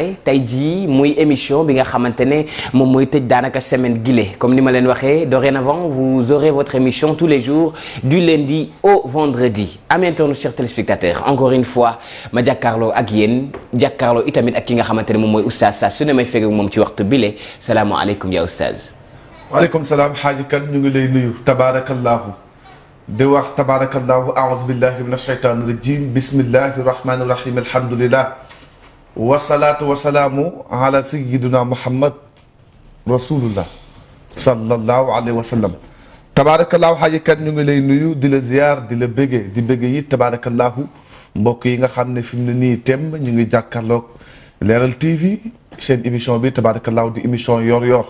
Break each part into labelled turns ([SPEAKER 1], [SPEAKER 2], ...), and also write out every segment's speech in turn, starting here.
[SPEAKER 1] Eh, tey jii muy émission bi nga xamante ne moom mooy tëj daanaka semaine gile comme ni ma leen waxee dorénavant vous aurez votre émission tous les jours du lundi au vendredi am internet chers téléspectateurs encore une fois ma jàkkaarloo ak yéen jàkkaarloo itamit ak ki nga xamante ne moom mooy oustaz saa su ne may fekk moom ci waxtu bile salaamaaleykum yaa oustaz
[SPEAKER 2] waaleykum salaam xaaji kan ñu ngi lay nuyu tabaarakallaahu di a tabaarakallaahu aouzu billahi min ashaytaani rajim bismillahi rahmaani rahim alhamdulillah wasalaatu wasalaamu ala sayiduna muhammad rasulullah sallallahu alayhi wa sallam tabaarakallaahu xaaji kan ñu ngi lay nuyu di la ziyaar di la bëggee di bëggee yi tabaarakallaahu mbokk yi nga xam ne fi mu ne nii tem ñu ngi jàkkaarloog leeral tv seen émission bi tabaarakallaahu di émission yor yor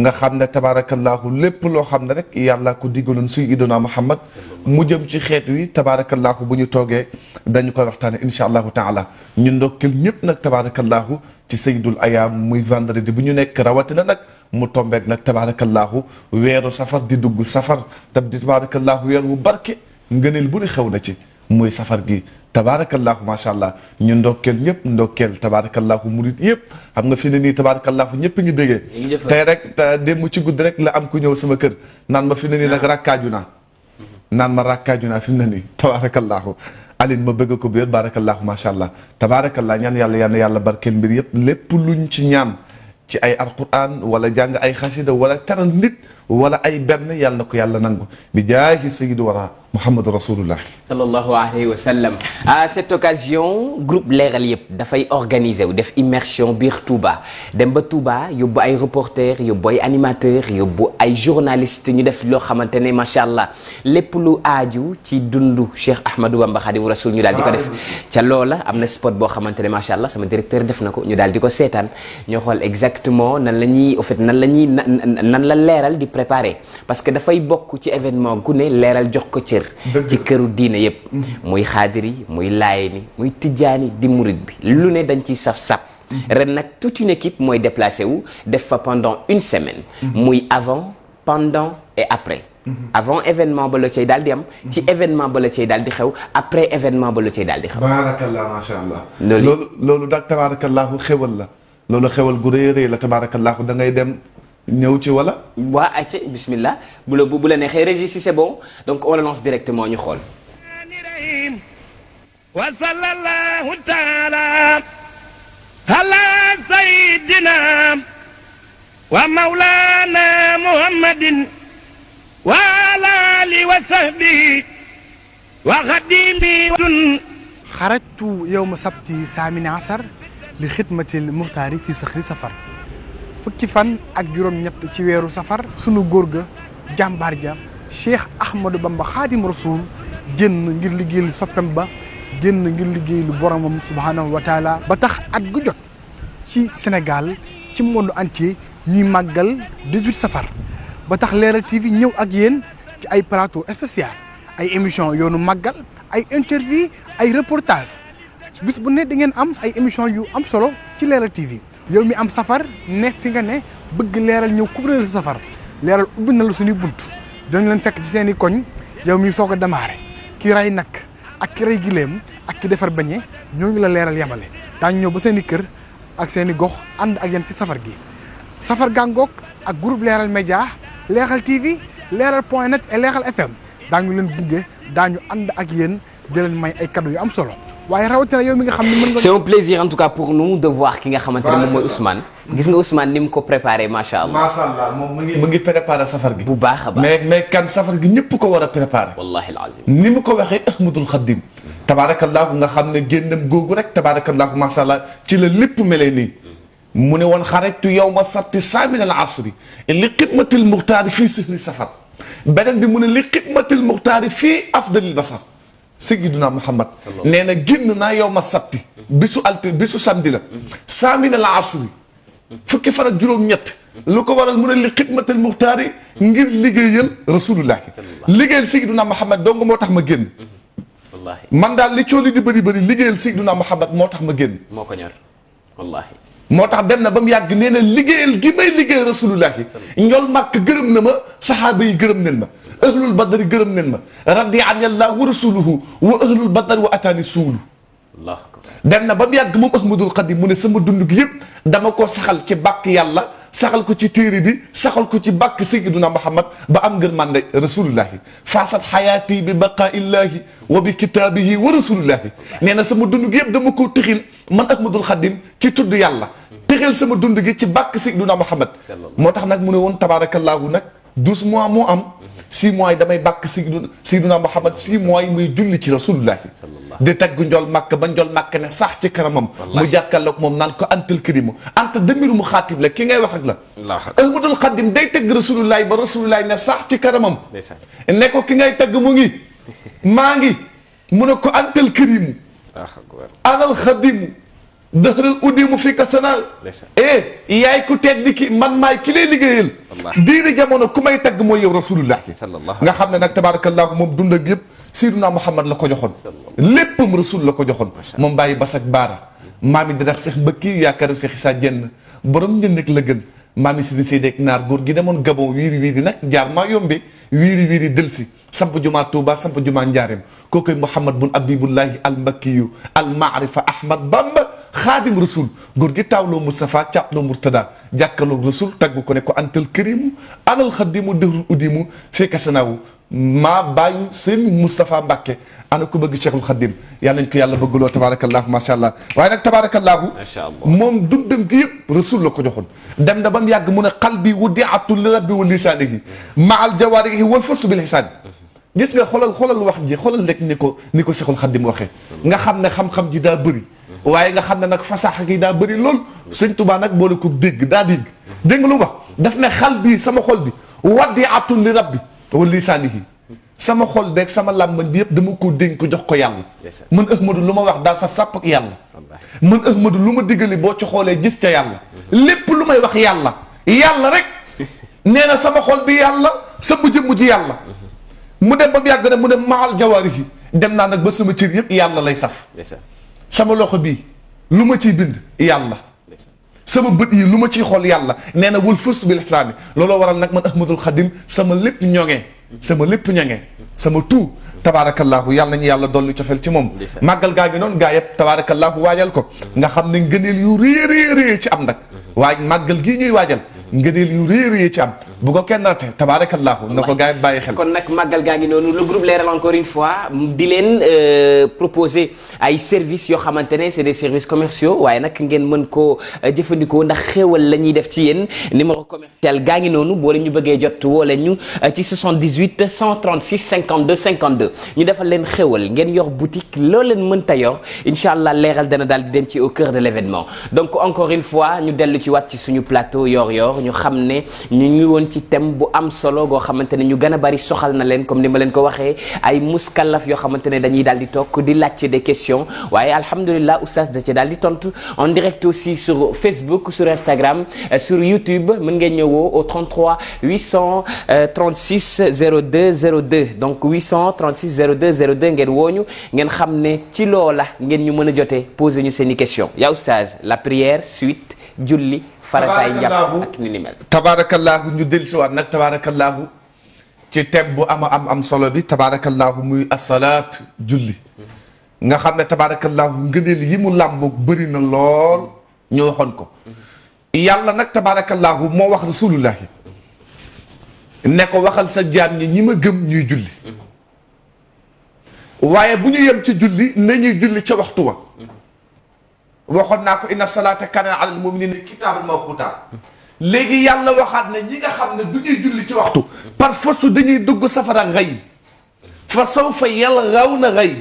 [SPEAKER 2] nga xam ne tabaarakallaahu lépp loo xam ne rek yàlla ko digaloon sayyidina Muhammad mu jëm ci xeet wi tabaarakallaahu bu ñu toogee dañu koy waxtaane insha allahu taala ñu ndokkeel ñëpp nag tabaarakallaahu ci sayyidul ayaam muy vendredi bu ñu nekk rawatina nag mu tombeek nag tabaarakallaahu weeru safar di dugg safar tab di tabaarakallaahu weer wu barke ngëneel bu ne xew na ci muy safar gi tabaarakallaahu macha allah ñu ndokkeel ñëpp ndokkeel tabaarakallaahu murit yëpp xam nga fi ne nii tabaarakallaahu ñëpp ngi bégee tey rek démb ci guddi rek la am ku ñëw sama kër naan ma fi ne nii nag ah. rakkaaju naa naan ma rakkaaju naa fi mu ne nii tabaarakallaahu alin ma bëgg ko biir baarakallaahu macha allah tabaarakallaa ñaan yàlla yal na yàlla barkeel mbir yëpp lépp luñ ci ñaan ci ay alquran wala jàng ay xasida wala taral nit wala ay benn yàlla na ko yàlla nangu bi jaahi sayyidu wara muhammadu rasulullah
[SPEAKER 3] sallallahu
[SPEAKER 1] alayhi wa sallam à cette occasion groupe leeral yëpp dafay organiser wu def immersion biir Touba dem ba Touba yóbbu ay reporter yóbbu ay animateur yóbbu ay journaliste ñu def loo xamante ne macha allah lépp lu aaju ci dundu Cheikh Ahmadou Bamba Khadimu Rasul ñu daal def ca loola am na spot boo xamante ne macha allah sama directeur def na ko ñu daal di ko seetaan ñoo exactement nan la nan la nan la leeral di préparé parce que dafay bokk ci événement gu ne leeral jox ko cër ci këru diine yépp mm-hmm. muy xaadir yi muy laay ni muy tijjaani di murit bi lu ne dañ ciy saf-saf mm-hmm. ren nag toute une équipe mooy déplacé wu def fa pendant une semaine mm-hmm. muy avant pendant et après avant événement ba la cay daal di am. ci événement ba la cay daal di xew
[SPEAKER 2] après événement ba la cay daal di xew. baarakallah macha allah. loolu loolu daal tabaarakallaahu xewal la. loolu xewal gu rëy a rëy la tabaarakallaahu ñëw ci wala. waa ayca
[SPEAKER 1] bismillah bu la bu la neexee Régis si c'est bon donc on lance directement ñu xool.
[SPEAKER 2] wa sallallahu taala ala sayyidina wa mawlana muhammadin wa ala ali wa sahbi wa xadimi tun
[SPEAKER 4] xarajtu yowma sabti saamina asar li xidmati lmuxtaari fi saxri safar fukki fan ak juróom-ñett ci weeru safar sunu góor ga jàmbaar ja Cheikh Ahmadou Bamba Xaadim Rasul génn ngir liggéeyal soppem ba génn ngir liggéeyal boromam subhaanahu wa taala ba tax at gu jot ci Sénégal ci monde entier ñuy màggal 18 safar ba tax Leral TV ñëw ak yéen ci ay plateau spécial ay émission yoonu màggal ay interview ay reportage bis bu ne da ngeen am ay émission yu am solo ci Leral TV yow mi am safar ne fi nga ne bëgg leeral ñëw couvrir la sa safar leeral ubbi na la suñuy bunt dañ leen fekk ci seen i koñ yow mi soog a démarré ki ray nag ak ki ray gileem ak ki defar bañe ñoo ngi la leeral yemale daañu ñëw ba seen i kër ak seeni i gox ànd ak yéen ci safar gi safar gàngook ak groupe leeral média leeral TV leeral point net et leeral FM daañu leen bugge daañu ànd ak yéen di leen may ay cadeau yu am solo waaye rawatina yow mi nga xam ne
[SPEAKER 1] mën en tout cas pour nous de voir ne moom mooy Ousmane. gis nga Ousmane ni mu ko préparé macha allah. macha
[SPEAKER 2] allah moom mu
[SPEAKER 1] gi.
[SPEAKER 2] bu baax a baax mais mais kan safar gi ñëpp ko war a préparé. wallaahi alazim ni mu ko waxee Ahmadul Xadim. tabaarakallaahu nga xam ne génnam googu rek tabaarakallaahu macha allah ci la lépp melee nii. mu ne woon xarajtu yawma sabti saamin al asri li xidmatil muxtaari fii sihri safar beneen bi mu ne li xidmatil muxtaari fii afdalil basar Sayyiduna Muhammad nee na génn naa yow ma sabti bisu alti bisu samedi la saamina la asuri fukki fan ak juróom-ñett lu ko waral mu ne li xidmatal muxtaari ngir liggéeyal rasulullahi liggéeyal Sayyiduna Muhammad dong moo tax ma génn man daal li cooli di bëri bëri liggéeyal Sayyiduna Muhammad moo tax ma génn moo ko ñor wallahi moo tax dem na ba mu yàgg nee na liggéeyal gi may liggéey rasulullahi ñool màkk gërëm na ma saxaaba yi gërëm nañ ma ahlul badari gërëm nañ ma radi anillah wa rasuluhu wa ahlul badari wa ataani suulu dem na ba mu yàgg moom ahmadul xadim mu ne sama dund gi yëpp dama ko saxal ci bàkk yàlla saxal ko ci téere bi saxal ko ci bàkk sayyiduna Muhammad ba am ngër mande rasulullahi faasat xayaati bi baqaaillahi wa bi kitaabihi wa rasulullahi nee na sama dund gi yëpp dama koo tëxil man Ahmadul Xadim ci tudd yàlla tëxil sama dund gi ci bàkk sayyiduna Muhammad moo tax nag mu ne woon tabaarakallaahu nag douze mois moo am six mois yi damay bàkk Seydina Muhammad six mois yi muy julli ci rasulullah di tagg njol màkk ba njol màkk na sax ci kanamam mu jàkkaarloog moom naan ko antal karimu anta damiru mu xaatib la ki ngay wax ak la ahmadul xadim day tagg rasulullah ba rasulullah na sax ci kanamam ne ko ki ngay tagg mu ngi maa ngi mu ne ko antal karimu anal dëxëral uddi mu fi kasanaal eh yaay ku tedd ki man maay ki lay liggéeyal diine jamono ku may tagg mooy yow rasulullah nga xam ne nag tabarakallahu moom dund ak yëpp sayyiduna muhammad la ko joxoon léppam rasul la ko joxoon moom bàyyi basak baara maami dadax seex bëkki yaakaaru seex isaa jenn borom njën nag la gën maami sini seedeek naar góor gi demoon gabon wiiri wiiri nag jaar maa yombe wiiri wiiri delsi samp jumaa Touba samp jumaa Njaareem kookoy muhammad bun abibullahi al makkiyu al maarifa ahmad bamba xaadim rasul góor gi taaw loo Moustapha càpp loo Murtada jàkkaloo rasul tagg ko ne ko antal kërimu alal xaddimu dëhrul udimu fii kasanaawu maa bàyyi sëñ Moustapha Mbacke ana ku bëgg Cheikhul Xaddim yàlla nañ ko yàlla bëgg bëggloo tabaarakallaahu macha allah waaye nag tabaarakallaahu moom dundam gi yëpp rasul la ko joxoon dem na ba mu yàgg mu ne qalbi wudiatu li rabbi wa lisaanihi maal jawaarihi wal fasu bi hisaan gis nga xoolal xoolal wax ji xoolal rek ni ko ni ko Cheikhul Xaddim waxee nga xam ne xam ji daa bëri waaye nga xam ne nag fasaxa gi daa bëri lool sëñ Tuubaa nag boole ko dégg daa dégg dégg nga lu ma daf ne xal bii sama xol bi waddi atun li rabbi wala lisaanihi sama xol beeg sama làmmañ bi yëpp dama ko dénk ko jox ko yàlla man ahmadu lu ma wax daa saf sàpp ak yàlla man ahmadu lu ma diggali boo ci xoolee gis ca yàlla lépp lu may wax yàlla yàlla rek nee na sama xol bi yàlla sama jëmm ji yàlla mhm. mu dem ba mu yàgg ne mu ne maal jawaari yi dem naa nag ba sama cër yëpp yàlla lay saf sama loxo bii lu ma ciy bind yàlla sama bët yi lu ma ciy xool yàlla nee na wul fës bi lextaani looloo waral nag man ahmadul xadim sama lépp ñoŋee sama lépp ñoŋee sama tout tabaarakallaahu yàlla nañu yàlla doon dolli cofeel ci moom màggal gaa ngi noonu gaa yëpp tabaarakallaahu waajal ko nga xam ne ngëneel yu réy réy réy ci am nag mm-hmm. waaye màggal gii ñuy waajal ngëneel yu rëy rëy ci am bu ko kenn naate tabaarakallaahu na ko gaa yi bàyyi xel kon
[SPEAKER 1] nag màggal gaa ngi noonu le groupe leeral encore une fois di leen euh, proposer ay services yoo xamante ne c'est des service commerciaux waaye nag ngeen mën ko euh, jëfandikoo ndax xéewal la ñuy def ci yéen numéro commercial gaa ngi noonu boo ñu bëggee jot woo leen ñu euh, ci 78 136 52 52 ñu defal leen xéewal ngeen yor boutique loo leen mënta yor incha allah leeral dana daal di dem ci au cœur de l'événement donc encore une fois ñu dellu ci ci suñu plateau yor yor ñu xam ne ñu ngi woon ci thème bu am solo goo xamante ne ñu gën a bari soxal na leen comme ni ma leen ko waxee ay muskalaf yoo xamante ne dañuy daal di toog di laajte des questions waaye alhamdulilah oustaz da ci daal di tontu en direct aussi sur Facebook sur Instagram euh, sur YouTube mën ngeen ñëwoo au 33 836 02 02 donc 836 02 02 ngeen wooñu ngeen xam ne ci loola ngeen ñu mën a jotee poser ñu seen i question yaa oustaz la prière suite
[SPEAKER 2] julli farataay njàpp ak ñu dellusiwaat nag tabaarakallaahu ci thème bu ama am am solo bi tabaarakallaahu muy asalaat julli nga xam ne tabaarakallaahu ngëneel yi mu làmboog bëri na lool ñu waxoon ko yàlla nag tabaarakallaahu moo wax rasulullahi ne ko waxal sa jaam ñi ñi ma gëm ñuy julli waaye bu ñu yem ci julli nañuy julli ca waxtu wa waxoon naa ko inna salaata kaana alal mu'miniina kitaaban mawquuta léegi yàlla waxaat ne ñi nga xam ne du ñuy julli ci waxtu par force dañuy dugg safara xëy fa sawfa na gay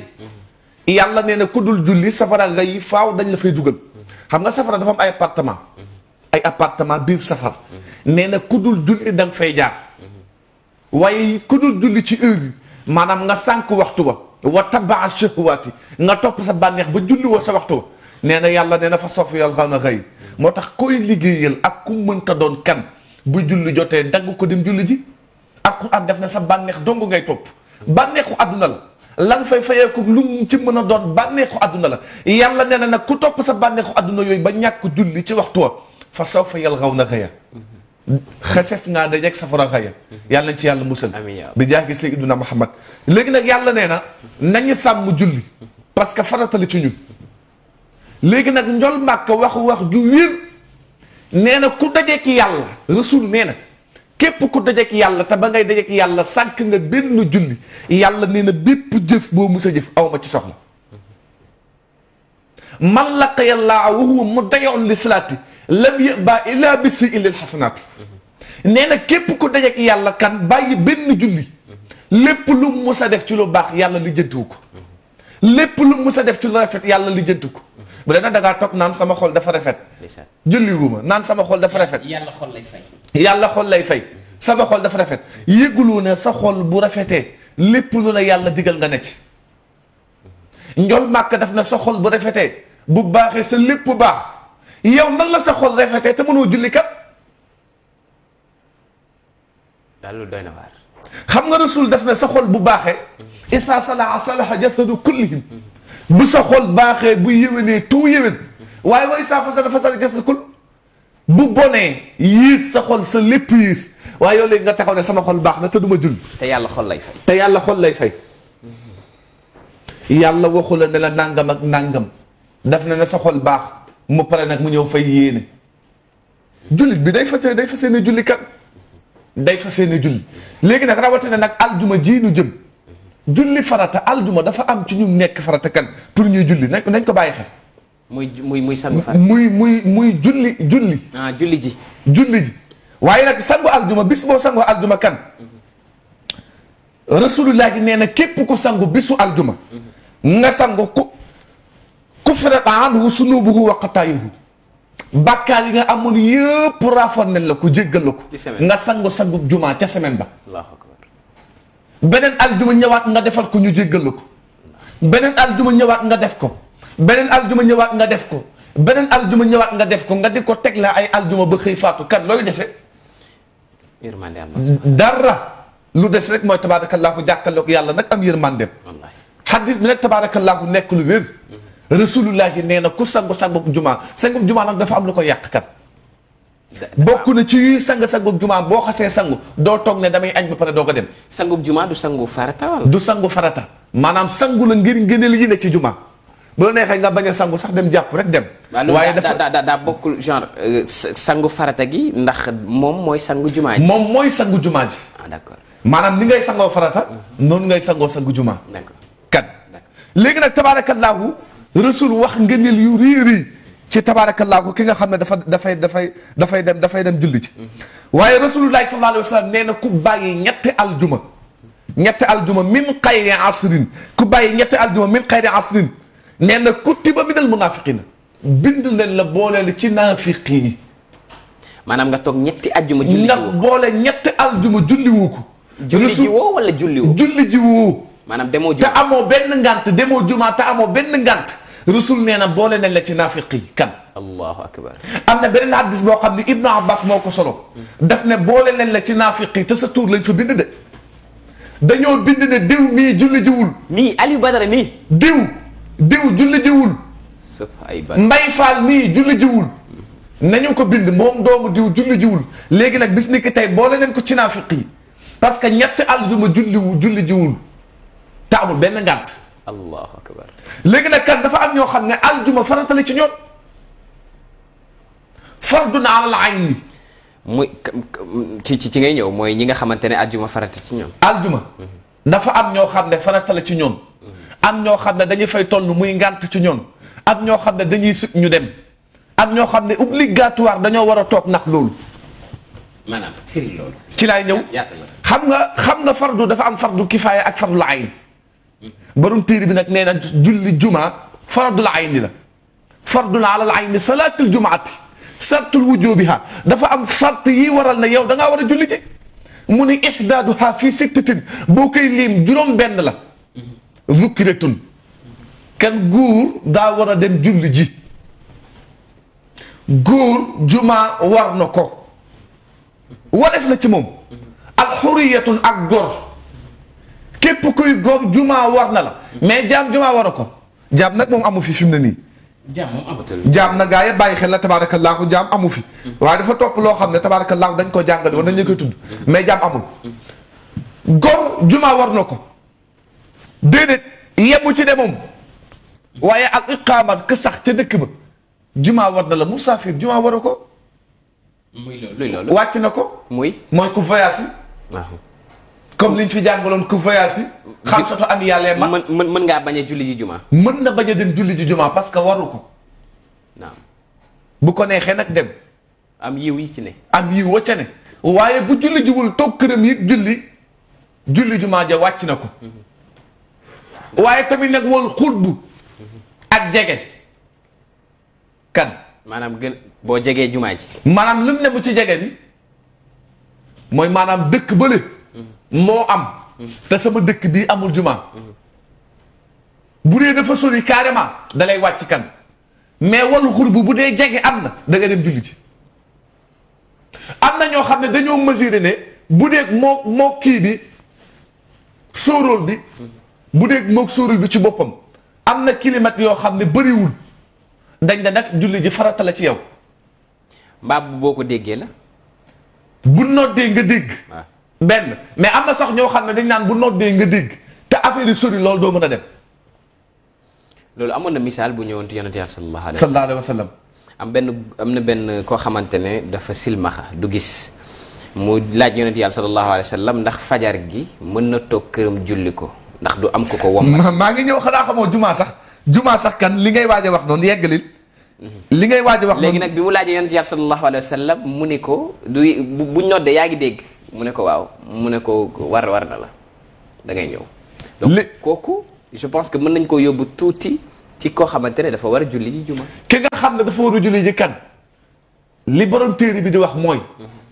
[SPEAKER 2] yàlla nee na kuddul dul julli safara xëy faaw dañ la fay dugal xam nga safara dafa am ay appartement ay apartement biir safar nee na ku julli da nga fay jaar waaye ku dul julli ci heure yi maanaam nga sànq waxtu ba wa tabaa shahwaati nga topp sa bànneex ba julli woo sa waxtu nee na yàlla nee na fa sof yàlla xam na xëy moo tax koy liggéeyal ak ku mënta doon kan bu julli jotee dagg ko dem julli ji ak alxuraan def na sa bànneex dong ngay topp bànneexu àdduna la lan fay fayeeku lu ci mën a doon bànneexu àdduna la yàlla nee na nag ku topp sa bànneexu àdduna yooyu ba ñàkk julli ci waxtu wa fa saw fa yàlla xaw na xëya xasef ngaa dajeeg safara xëya yàlla nañ ci yàlla musal bi jaay gis léegi Iduna Muhammad léegi nag yàlla nee na nañu sàmm julli parce que faratali ci ñun léegi nag njol mbàkk waxu wax ju wér nee na ku dajeek yàlla rasul nee na képp ku dajeek yàlla te ba ngay dajeek yàlla sànk nga benn julli yàlla nee na bépp jëf boo musa jëf awma ci soxla man laqaya llaaha wa huwa mudayyun li salaati lam yaba illa bi si ilil xasanaati nee na képp ku dajeek yàlla kan bàyyi benn julli lépp lu musa def ci lu baax yàlla li jëntuwu ko lépp lu musa def ci lu rafet yàlla li ko bu dee nag da ngaa toog naan sama xol dafa rafet. julliwuma naan sama xol dafa rafet. yàlla xol lay fay. yàlla xol lay fay. sama xol dafa rafet yëguloo ne sa xol bu rafetee lépp lu la yàlla digal nga ne ci. njol màkk daf na sa xol bu rafetee bu baaxee sa lépp baax yow nan la sa xol rafetee te mënoo julli kat. daal lu na waar. xam nga rasul daf ne sa xol bu baaxee. isaa salaha salaha jasadu kullihim bu sa xol baaxee bu yéwénee tuu yéwén waaye way saa fasada fasada sa kul bu bonee yiis sa xol sa lépp yiis waaye yow léegi nga taxaw ne sama xol baax na te du ma te
[SPEAKER 1] yàlla xol lay fay.
[SPEAKER 2] te yàlla xol lay fay. yàlla waxu la ne la nàngam ak nàngam daf na ne sa xol baax mu pare nag mu ñëw fay yéene. jullit bi day fas day fas yéene julli kat day yéene julli léegi nag rawatina nag aljuma jiinu jëm. julli farata aljuma dafa am ci ñu nekk farata kan pour ñuy julli nañ ko nañ ko bàyyi xel. muy muy muy sangu farata muy muy muy julli julli. ah julli ji. julli ji waaye nag sangu aljuma bis boo sangu aljuma kan. rasulullah ji nee na képp ko sangu bisu aljuma. nga sangu ku ku farata anhu sunubuhu wa xataayuhu bàkkaar yi nga amoon yëpp raafoon nañ la ko jéggal la ko. nga sangu sangu juma ca semaine ba. beneen aljuma ñëwaat nga defal ko ñu jéggal ko beneen aljuma ñëwaat nga def ko beneen aljuma ñëwaat nga def ko beneen aljuma ñëwaat nga def ko nga di ko teg la ay aljuma ba xëy faatu kan looy dese. yërmande dara lu des rek mooy tabaarakallaahu jàkkaloog yàlla nag am yërmandeem. wallaahi xadis bi nag tabaarakallaahu nekk lu wér. Mm-hmm. rasulullah ji nee na ku sangu sangu jumaa sangu jumaa nag dafa am lu ko yàq kat. bokk na ci yuy sang sangub juma boo xasee sangu doo toog ne damay añ ba pare doo ko dem. sangub juma du sangu farata wala. du sangu farata maanaam sangu la ngir ngëneel yi ne ci juma bu la neexee nga bañ sangu sax dem jàpp rek dem. waaye dafa daa daa bokkul
[SPEAKER 1] genre euh, sangu farata gi ndax moom mooy sangu juma ji. moom mooy sangu juma ji. ah
[SPEAKER 2] d'accord maanaam ni ngay sangoo farata. noonu ngay sangoo sangu juma. d'accord kat léegi nag tabaarakallaahu rasul wax ngëneel yu riiri ci tabaarakallaa ko ki nga xam ne dafa dafay dafay dafay dem dafay dem julli ci waaye rasulullahi sallallahu alayhi wa sallam nee na ku bàyyi ñetti aljuma ñetti aljuma min xayri asrin ku bàyyi ñetti aljuma min xayri asrin nee na kutiba minal munaafiqiina bind leen la booleel ci naafiqi yi maanaam nga toog ñetti aljuma julli nga boole ñetti aljuma julli woo ko julli ji woo wala julli woo julli ji woo maanaam demoo juma te amoo benn ngant demoo juma te amoo benn ngant Rasul nee na boole nañ la ci naafiq yi kan. allahu akbar am na beneen hadis boo xam ni Ibnu Abbas moo ko solo. daf ne boole nañ la ci naafiq yi te sa tuur lañ fa bind de. dañoo bind ne diw mii julli jiwul. nii Aliou Badara nii. diw diw julli jiwul. Mbay Faal nii julli jiwul. nañu ko bind moom doomu diw julli jiwul léegi nag bis ni tey boole leen ko ci naafiq yi parce que ñetti àll du ma julli julli jiwul te benn ngànt. allahu léegi nag kat dafa am ñoo xam ne aljuma farata la ci ñoom
[SPEAKER 1] fardun ala ayni muy ci ci ngay ñëw mooy ñi nga xamante ne aljuma farata ci ñoom
[SPEAKER 2] aljuma dafa am ñoo xam ne farata ci ñoon am ñoo xam ne dañuy fay toll muy ngànt ci ñoom am ñoo xam ne dañuy sut ñu dem am ñoo xam ne obligatoire dañoo war a toog ndax loolu
[SPEAKER 1] maanaam firi loolu
[SPEAKER 2] ci lay ñëw xam nga xam nga fardu dafa am fardu kifaaya ak fardu la ayn borom téere bi nag nee na julli juma fardul ayni la fardul alal ayni salaatul jumaati sartul wujubiha dafa am sart yi waral na yow da ngaa war a julli ji mu ni ihdaaduha fii sittatin boo koy liim juróom benn la zukkiratun kan góor daa war a dem julli ji góor juma war na ko wareef la ci moom alxuriyatun ak góor képp koy góob jumaa war na la mais jaam jumaa war a ko jaam nag moom amu fi fi mu ne nii.
[SPEAKER 1] jaam moom amatul
[SPEAKER 2] gaa yi bàyyi xel na la tabaarakallaahu jaam amu fi. waaye dafa topp loo xam ne tabaarakallaahu dañ ko jàngale woon dañ la koy mais jaam war na ko. déedéet yemu ci ne moom. waaye ak iqaama ka sax ca dëkk ba. jumaa war na la musaafir jumaa war a ko.
[SPEAKER 1] muy wàcc
[SPEAKER 2] na ko. muy mooy ku voyage. Ah. comme liñ fi jàngaloon ku voyage si. xam soto am yàlla man mën mën mën ngaa bañ julli ji juma. mën na bañ a dem julli ji juma parce que waru ko. naam. bu ko neexee nag dem. am yiw yi ci ne. am yiw wacca ne. waaye bu julli jiwul toog këram it julli julli jumaa ja wàcc na ko. Mm-hmm. waaye tamit nag wal xutbu ak jege.
[SPEAKER 1] kan. maanaam gën boo
[SPEAKER 2] jegee jumaa ji. maanaam lu mu ne ci jege bi mooy maanaam dëkk bële. moo am. te sama dëkk bii amul juma. bu dee dafa sori carrément dalay wàcc kan mais wàllu xurbu bu dee jege am na da nga dem julli ji am na ñoo xam ne dañoo mesurer ne bu dee moo moo kii bi sóoróol bi bu dee mook sóoróol bi ci boppam am na kilomètres yoo xam ne bëriwul dañ ne nag julli ji farata la ci yow. mbaa boo ko déggee la. bu noddee nga dégg. Ah. benn mais am na sax ñoo xam ne dañ naan bu noddee nga dégg te affaire yi sori loolu doo mën a dem.
[SPEAKER 1] loolu amoon na misaal bu ñëwoon ci yonent yàlla sallallahu alayhi wa sallam am benn am na benn koo xamante ne dafa silmaxa du gis mu laaj yonent yàlla sallallahu alayhi wa sallam ndax fajar gi mën na toog këram julli ko ndax du am ko ko wom
[SPEAKER 2] maa ngi ñëw xanaa xamoo jumaa sax jumaa sax kan li ngay waaj a wax noonu yeggalil mhm. li ngay waaj a wax léegi nag bi mu laajee yonent
[SPEAKER 1] yàlla sallallahu alayhi wa sallam mu ni ko du bu bu ñodde yaa ngi dégg mu ne ko waaw mu ne ko war war na la da ngay ñëw. donc kooku je pense que mën nañ koo yóbbu
[SPEAKER 2] tuuti ci koo xamante ne dafa war julli ji juma. ki nga xam ne dafa war a julli ji li borom téere bi di wax mooy.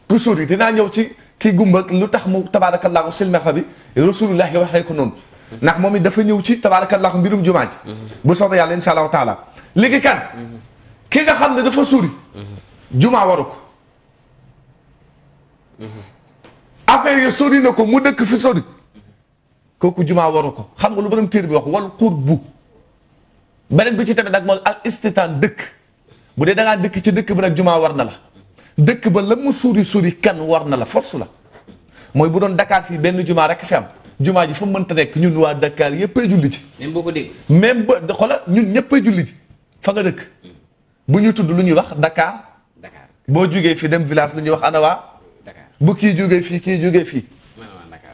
[SPEAKER 2] ku mhm. sori dinaa ñëw ci kii gumba lu tax mu tabaarakallaahu silmaxa bi rasulullahi waxee ko noonu. Mhm. ndax moom it dafa ñëw ci tabaarakallaahu mbirum jumaa ji. Mhm. bu soobee yàlla incha allahu taala. léegi kan. ki nga xam ne dafa sori. jumaa waru ko. affaire yi sori na ko mu dëkk fi sori kooku jumaa waru ko xam nga lu borom téere bi wax wal qurbu beneen bi ci tamit nag mooy al istitaan dëkk bu dee da dëkk ci dëkk bi nag jumaa war na la dëkk ba la mu sori sori kan war na la force la mooy bu doon Dakar fii benn jumaa rek fi am jumaa ji fa mënta nekk ñun waa Dakar yëppay julli ji. même boo ko dégg. même ba xoola ñun ñëppay julli ji fa nga dëkk bu ñu tudd lu ñuy wax Dakar. Dakar boo jugee fi dem village lu ñuy wax ana bu kii jógee fii kii jógee fii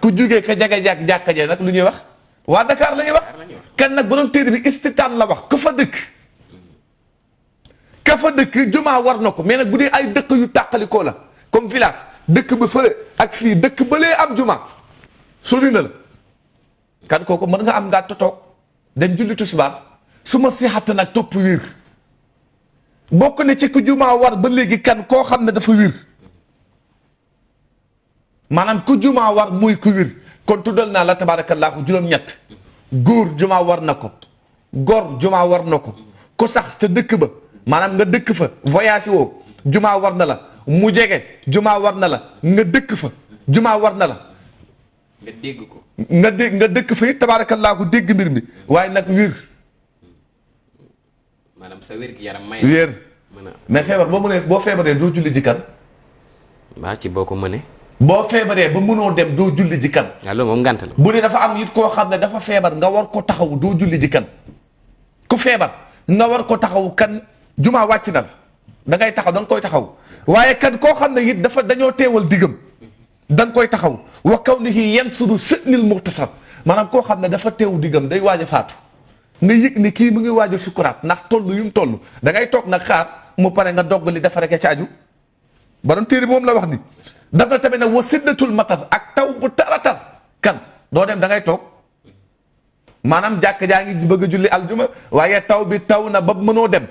[SPEAKER 2] ku jógee ka jaga jàkk jàkka jee nag lu ñuy wax waa Dakar la ñuy wax kan nag borom téere bi istitaan la wax ku fa dëkk ka fa dëkk jumaa war na ko mais nag bu dee ay dëkk yu tàqalikoo la comme village dëkk ba fële ak fii dëkk balee am jumaa sori na la kan kooku mën nga am ngaa totoog dañ julli tisbaar su ma sixaat nag topp wiir bokk na ci ku jumaa war ba léegi kan koo xam ne dafa wiir maanaam ku jumaa war muy ku wir kon tuddal naa la tabaarakallaahu juróom-ñett góor jumaa war na ko góor jumaa war na ko ku sax ca dëkk ba maanaam nga dëkk fa voyage woo jumaa war na la mu jege jumaa war na la nga dëkk fa jumaa war na la nga dégg ko nga dégg nga dëkk fa it tabaarakallaahu dégg mbir mi waaye nag wér
[SPEAKER 1] maanaam sa wér gi yaram may wér
[SPEAKER 2] mais feebar boo mënee boo feebaree doo julli ji waa ci boo ko mënee boo feebaree ba mënoo dem doo julli ji kan. waaw loolu bu dee dafa am it koo xam ne dafa feebar nga war ko taxaw doo julli ji kan ku feebar nga war ko taxaw kan jumaa wàcc na la da ngay taxaw danga koy taxaw waaye kan koo xam ne it dafa dañoo teewal diggam da nga koy taxaw wa kaw ni kii su suru sënil muxtasar maanaam koo xam ne dafa teew diggam day waaj a faatu nga yëg ni kii mu ngi waaj a sukuraat ndax toll yu mu toll dangay toog nag xaar mu pare nga dogg li dafa rek ca aju ba téere moom la wax ni. daf na tamit nag wa siddatul matar ak taw bu taratar kan doo dem da ngay toog maanaam jàkk jaa ngi bëgg a julli aljuma waaye taw bi taw na ba mënoo dem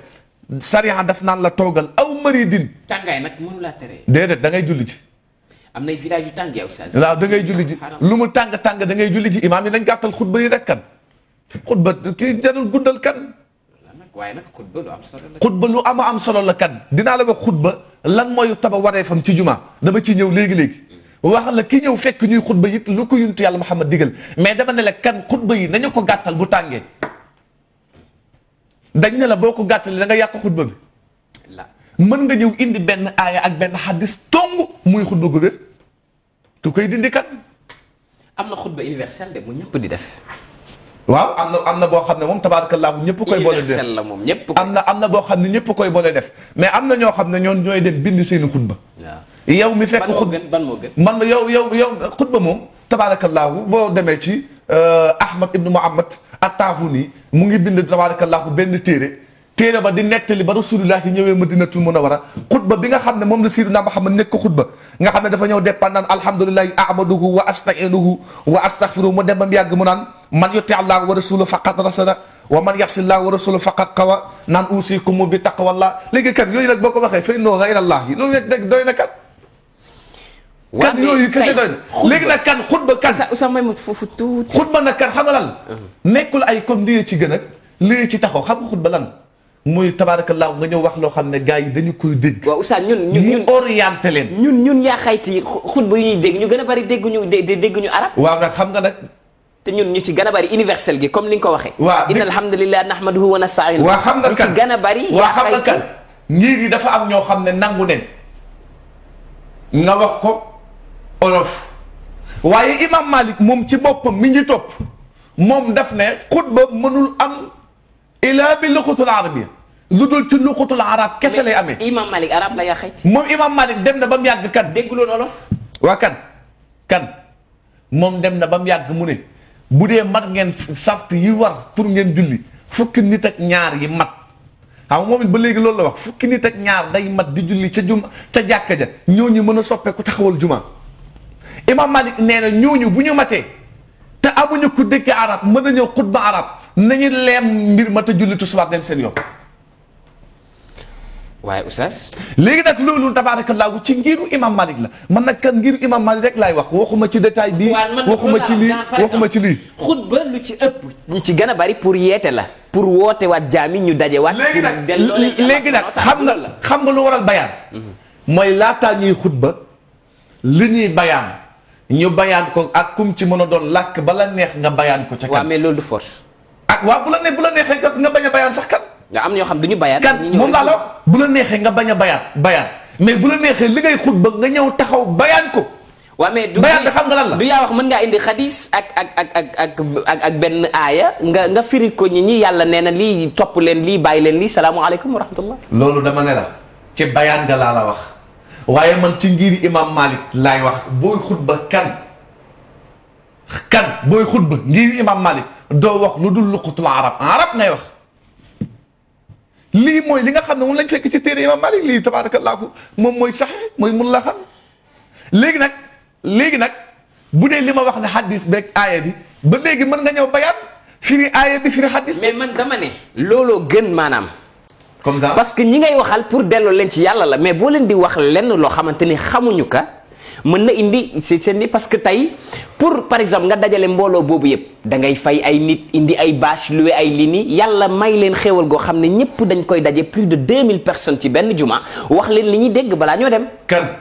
[SPEAKER 2] sariya daf naan la toogal aw maridin.
[SPEAKER 1] tàngaay nag mënu laa tere.
[SPEAKER 2] da ngay julli ji.
[SPEAKER 1] am nay village yu tàng yow Oustaz. waaw
[SPEAKER 2] da julli ji lu mu tàng tàng da ngay julli ji imaam yi dañ gàttal xutba yi rek kan xutba kii jarul guddal kan.
[SPEAKER 1] waaye nag xutba lu am solo la.
[SPEAKER 2] xutba lu ama am solo la kat dinaa la wax xutba lan mooy taba waree fam ci jumaa dama ci ñëw léegi léegi. wax la ki ñëw fekk ñuy xutba it lu ko yuntu yàlla Muhammad digal mais dama ne la kan xutba yi nañu ko gàttal bu tàngee dañ ne la boo ko gàttalee da nga yàq xutba bi mën nga ñëw indi benn aaya ak benn xaddis tong muy xutba gu ku koy dindi kan am na xutba universel de mu ñëpp di def waaw am na am na boo xam ne moom tabaarakallaahu ñëpp koy boole def la moom ñëpp am na am na boo xam ne ñëpp koy boole def mais am na ñoo xam ne ñoon ñooy dem bind seen xutba yow mi fekk xutba ban moo gën man yow yow yow xutba moom tabaarakallaahu boo demee ci euh, Ahmad ibnu Muhammad at-Taahuni mu ngi bind tabaarakallaahu benn téere téere ba di nettali ba rasulullah yi ñëwee madinatul munawara xutba bi nga xam ne moom la siiduna Muhammad nekk ko xutba nga xam ne dafa ñëw déppan naan alhamdulillahi ahmaduhu wa astainuhu wa astaghfiruhu mu dem ba mu yàgg mu naan man yuti allah wa rasulu faqad rasada wa man yaxsi llah wa rasulu faqad qawa naan usikum bi taqwallah léegi kat yooyu nag boo ko waxee fay noo gayrallahi loolu nag dégg na kat
[SPEAKER 1] kan yooyu kese doy na léegi nag
[SPEAKER 2] kan xutba kan sa may mot foofu tuuti xutba nag kan xam nga lan uh-huh. nekkul ay comme lii ci gën ak lii ci taxaw xam nga xutba lan mooy tabaarakallaahu nga ñëw wax loo xam ne gars yi dañu koy dégg. waaw oustaz ñun ñun ñun orienté leen. ñun ñun yaa xayti xutba yu ñuy dégg ñu gën a bari dégguñu dégguñu arab. waaw nag
[SPEAKER 1] xam nga nag. te ñun ñu ci gën a bari universel gi comme ni nga ko waxee. waaw inna alhamdulilah nahmaduhu wa nasta'in. waaw xam nga kan ñu ci gën a bari. yaa xayti waaw xam
[SPEAKER 2] yi dafa am ñoo xam ne nangu neen wax ko olof. moom ci boppam mi ngi topp moom daf ne xutba mënul am ilaa bi luxatul arabia lu dul ci la araab kese lay amee.
[SPEAKER 1] imam Malik arab la yaa
[SPEAKER 2] xëy. moom imam Malik dem na ba mu yàgg kan. dégguloon olof. waa kan. kan moom dem na ba mu yàgg mu ne bu dee mat ngeen sart yi war pour ngeen julli fukki nit ak ñaar yi mat xam nga moom it ba léegi loolu la wax fukki nit ak ñaar day mat di julli ca juma ca jàkka ja ñu mën a soppeeku taxawal juma. imam Malik nee na ñooñu bu ñu matee te amuñu ku dëkk arab mën a ñëw xutba arab nañu leem mbir ma te julli tusuwaat dem seen yoon. waaye oustaz. léegi nag loolu tabaarakallaahu ci ngiru imam Malik la man nag kan ngiru imam Malik rek laay wax waxuma ci détail bi waxuma ci lii waxuma ci lii. xutba lu ci ëpp. ñi ci gën a bari
[SPEAKER 1] pour yeete la. pour woote waat jaami ñu daje waat. léegi nag léegi na xam nga
[SPEAKER 2] xam nga lu waral bayaan. Mhm. mooy laataa ñuy xutba li ñuy bayaan ñu bayaan ko ak kum ci mën a doon làkk bala neex nga bayaan ko ca kan. waaw loolu du force. ah waaw bu la ne bu la neexee nga a kan. nga am ñoo xam duñu bayaat. kat moom laa la bu la neexee nga bañ a bayaat bayaat mais bu la neexee li ngay xutba nga ñëw taxaw bayaat ko. waaw mais du bayaat xam nga lan la du yaa wax
[SPEAKER 1] mën ngaa indi xadis ak ak ak ak ak ak benn aaya nga nga firi ko ñi ñi yàlla nee na lii topp leen lii bàyyi leen lii salaamaaleykum wa rahmatullah.
[SPEAKER 2] loolu dama ne la ci bayaat nga laa la wax waaye man ci ngir imam Malik laay wax booy xutba kan kan booy xutba ngir imam Malik doo wax lu dul luqutul arab arab ngay wax. lii mooy li nga xam ne moom lañ fekk ci téere Imam Malik lii tabaarakallaahu moom mooy saxee mooy mun la xam léegi nag léegi nag bu dee li ma wax ne xaddis beeg aaya bi ba léegi mën nga ñëw bayaat firi aaya bi firi xaddis. mais man dama
[SPEAKER 1] ne. looloo gën maanaam. comme ça parce que ñi ngay waxal pour delloo leen ci yàlla la mais boo leen di wax lenn loo xamante ni xamuñu ka. mën na indi seen ni parce que tey pour par exemple nga dajale mbooloo boobu yëpp da fay ay nit indi ay bâche loué ay lini yàlla may leen xéewal goo xam ne ñëpp dañ koy daje plus de mille personnes ci benn juma wax leen li ñuy dégg balaa ñoo dem.
[SPEAKER 2] kan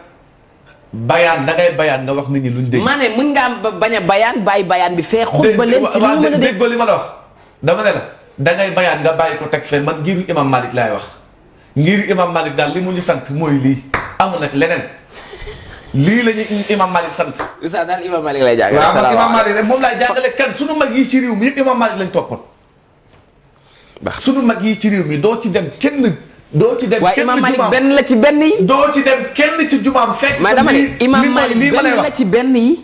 [SPEAKER 2] bayaan da ngay bayaan nga wax nit ñi luñ dégg. maa ne
[SPEAKER 1] mën ngaa bañ a bayaan baay bayaan bi fee. ba leen ci li mu mën a dégg
[SPEAKER 2] li ma la wax dama ne la da ngay bayaan nga bàyyi ko teg fee man ngir imam Malik laay wax ngir imam Malik daal li mu ñu sant mooy lii. amul leneen. lii la ñuy imam Malik sant. Oustaz daal imam Malik lay jàngale. waaw imam Malik rek moom laay jàngale kan sunu mag yi ci réew mi yëpp imam Malik lañ toppoon. baax sunu yi ci réew mi doo ci dem kenn. doo ci dem kenn ci benn la ci benn yi. doo ci dem kenn ci jumaam fekk. ma dama ne imam Malik benn la ci benn yi.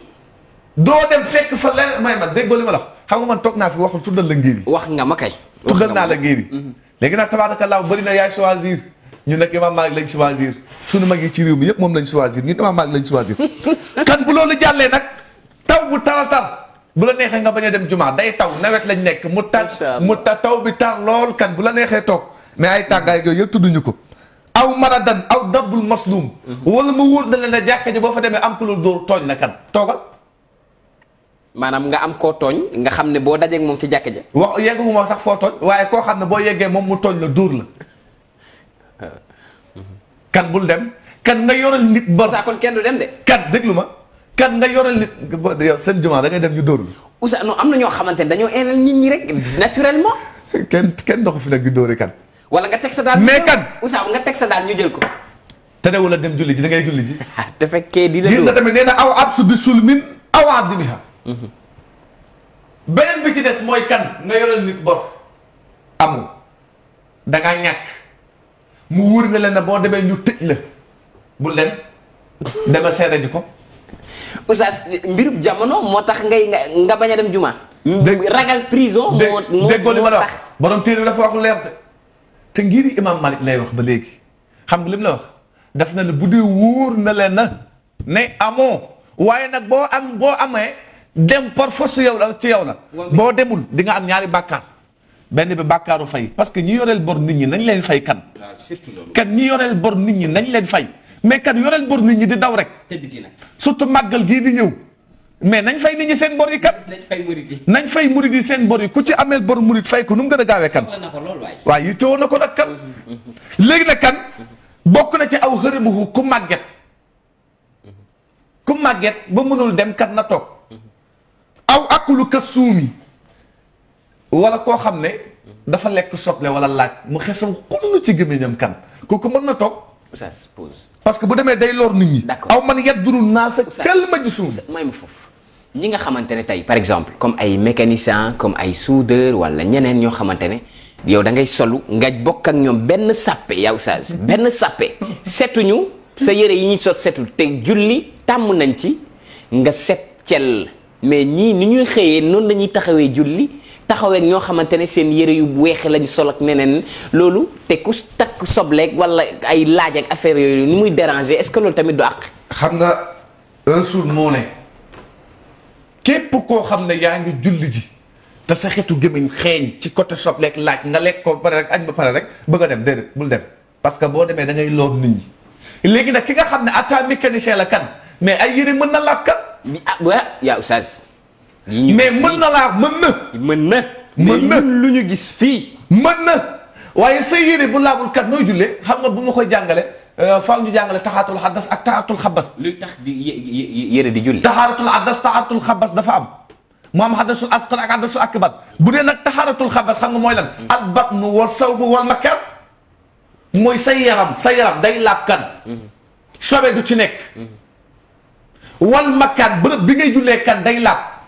[SPEAKER 2] doo dem fekk fa lenn may ma déggoo li ma la wax xam nga man toog naa fi waxul tuddal la wax nga ma kay. tuddal naa la ngéeri. Mhm. léegi nag tabaaraka laaw bari na yaay choisir ñu nekk Imam Malik lañ choisir suñu mag yi ci réew mi yëpp moom lañ choisir ñun Imam Malik lañ choisir. kan bu loolu jàllee nag taw bu tara tar bu la neexee nga bañ a dem jumaa day taw nawet lañ nekk mu tar mu ta taw bi tar lool kan bu la neexee toog mais ay tàggaay yooyu yëpp tudduñu ko. aw maradan aw dabbul maslum wala ma wóor na la ne jàkka ji boo fa demee am ku la dóor tooñ la kan toogal. maanaam nga am koo tooñ nga xam ne boo dajeeg moom ci jàkka ji. wax yeggu ma sax foo waaye koo xam ne boo yeggee moom mu tooñ la dóor la. kan bul dem kat nga yoral nit bor. Ousseyn kenn du dem de. kat déglu ma kat nga yoral nit yow seen jumaa da ngay dem ñu dóorul. Ousseyn non am na ñoo xamante ne dañoo nit ñi rek naturellement. kenn kenn doxu fi nag ñu dóori wala nga teg sa daal mais kat Ousseyn nga teg sa daal ñu jël ko. terewul a dem julli ji da ngay julli ji. Ah, te fekkee di la gis nga tamit nee na aw absu bi sulmin aw adimiha. Mhm. beneen bi ci des mooy kan nga yoral nit bor. amul da ngaa mu wur na leen ne boo demee ñu tëj la bu leen dama seede ji ko. Oustaz mbirub jamono
[SPEAKER 1] moo tax ngay nga nga bañ a dem juma.
[SPEAKER 2] ragal prison. moo moo déggoo li ma la wax borom téere dafa wax leer te ngir Imam Malik lay wax ba léegi xam nga lim la wax daf na la bu dee wóor na leen na ne amoo waaye nag boo am boo amee dem par force yow la ci yow la boo demul di nga am ñaari bàkkaar. benn bi bàkkaaru fay parce que ñi yoreel bor nit ñi nañ leen fay kan. Ah, kan ñi yoreel bor nit ñi nañ leen fay mais kan yoreel bor nit ñi di daw rek. surtout màggal gii di ñëw. mais nañ fay nit ñi seen bor yi kan. nañ fay murid yi nañ fay murid yi seen bor yi ku ci ameel bor murid fay ko nu mu gën a gaawee kan. waaye yu teewoon na ko nag kan. léegi nag kan bokk na ci aw xërëmu ku màgget. ku màgget ba mënul dem kat na toog. aw akulu ka suumi. wala koo xam ne dafa lekk soble wala laaj mu xesam xunn ci gémmiñam kan kooku mën na toog oustaz parce que bu demee day lor nit ñi d'accord aw man yadduru naa sa kel ma ji suuf may ma foofu ñi xamante
[SPEAKER 1] ne tey par exemple comme ay mécanicien comme ay soudeur wala ñeneen ñoo xamante ne yow da ngay solu nga bokk ak ñoom benn sàppe yow oustaz benn sàppe setuñu sa yére yi ñuy sot setul te julli tàmm nañ ci nga set cell mais ñii ni ñuy xëyee noonu la ñuy taxawee julli taxaweek ñoo xamante ne seen yére yu weex lañu sol ak neneen loolu te ku takk sobleek wala ay laaj ak affaire yooyu ni muy
[SPEAKER 2] déranger est-ce que loolu tamit du àq. xam nga Rasul moo ne képp koo xam ne yaa ngi julli ji te sa xetu gémmiñ xeeñ ci côté sobleeg laaj nga lekk ko ba pare rek añ ba pare rek bëgg a dem déedéet bul dem parce que boo demee dangay ngay loor nit ñi. léegi nag ki nga xam ne attaque mécanicien la kan mais ay yére mën na làkk. ah waaw yaa oustaz mais mën na laa mën na. mën na. lu ñu gis fii. mën na waaye sa yére bu laabul kat nooy jullee xam nga bu ma koy jàngale euh, faaw ñu jàngale taxaatul xadas ak taxaatul xabas. lu tax di yére di julli. taxaaratul xadas taxaaratul xabas dafa am. mu am xadasul asqar ak xadasul akbar bu dee nag taxaaratul xabas xam nga mooy lan. Hmm. al batnu wal sawbu wal makar mooy sa yaram sa yaram day laab kan. Hmm. sobe du ci nekk. Hmm. wal makar bërëb bi ngay jullee kan day laab.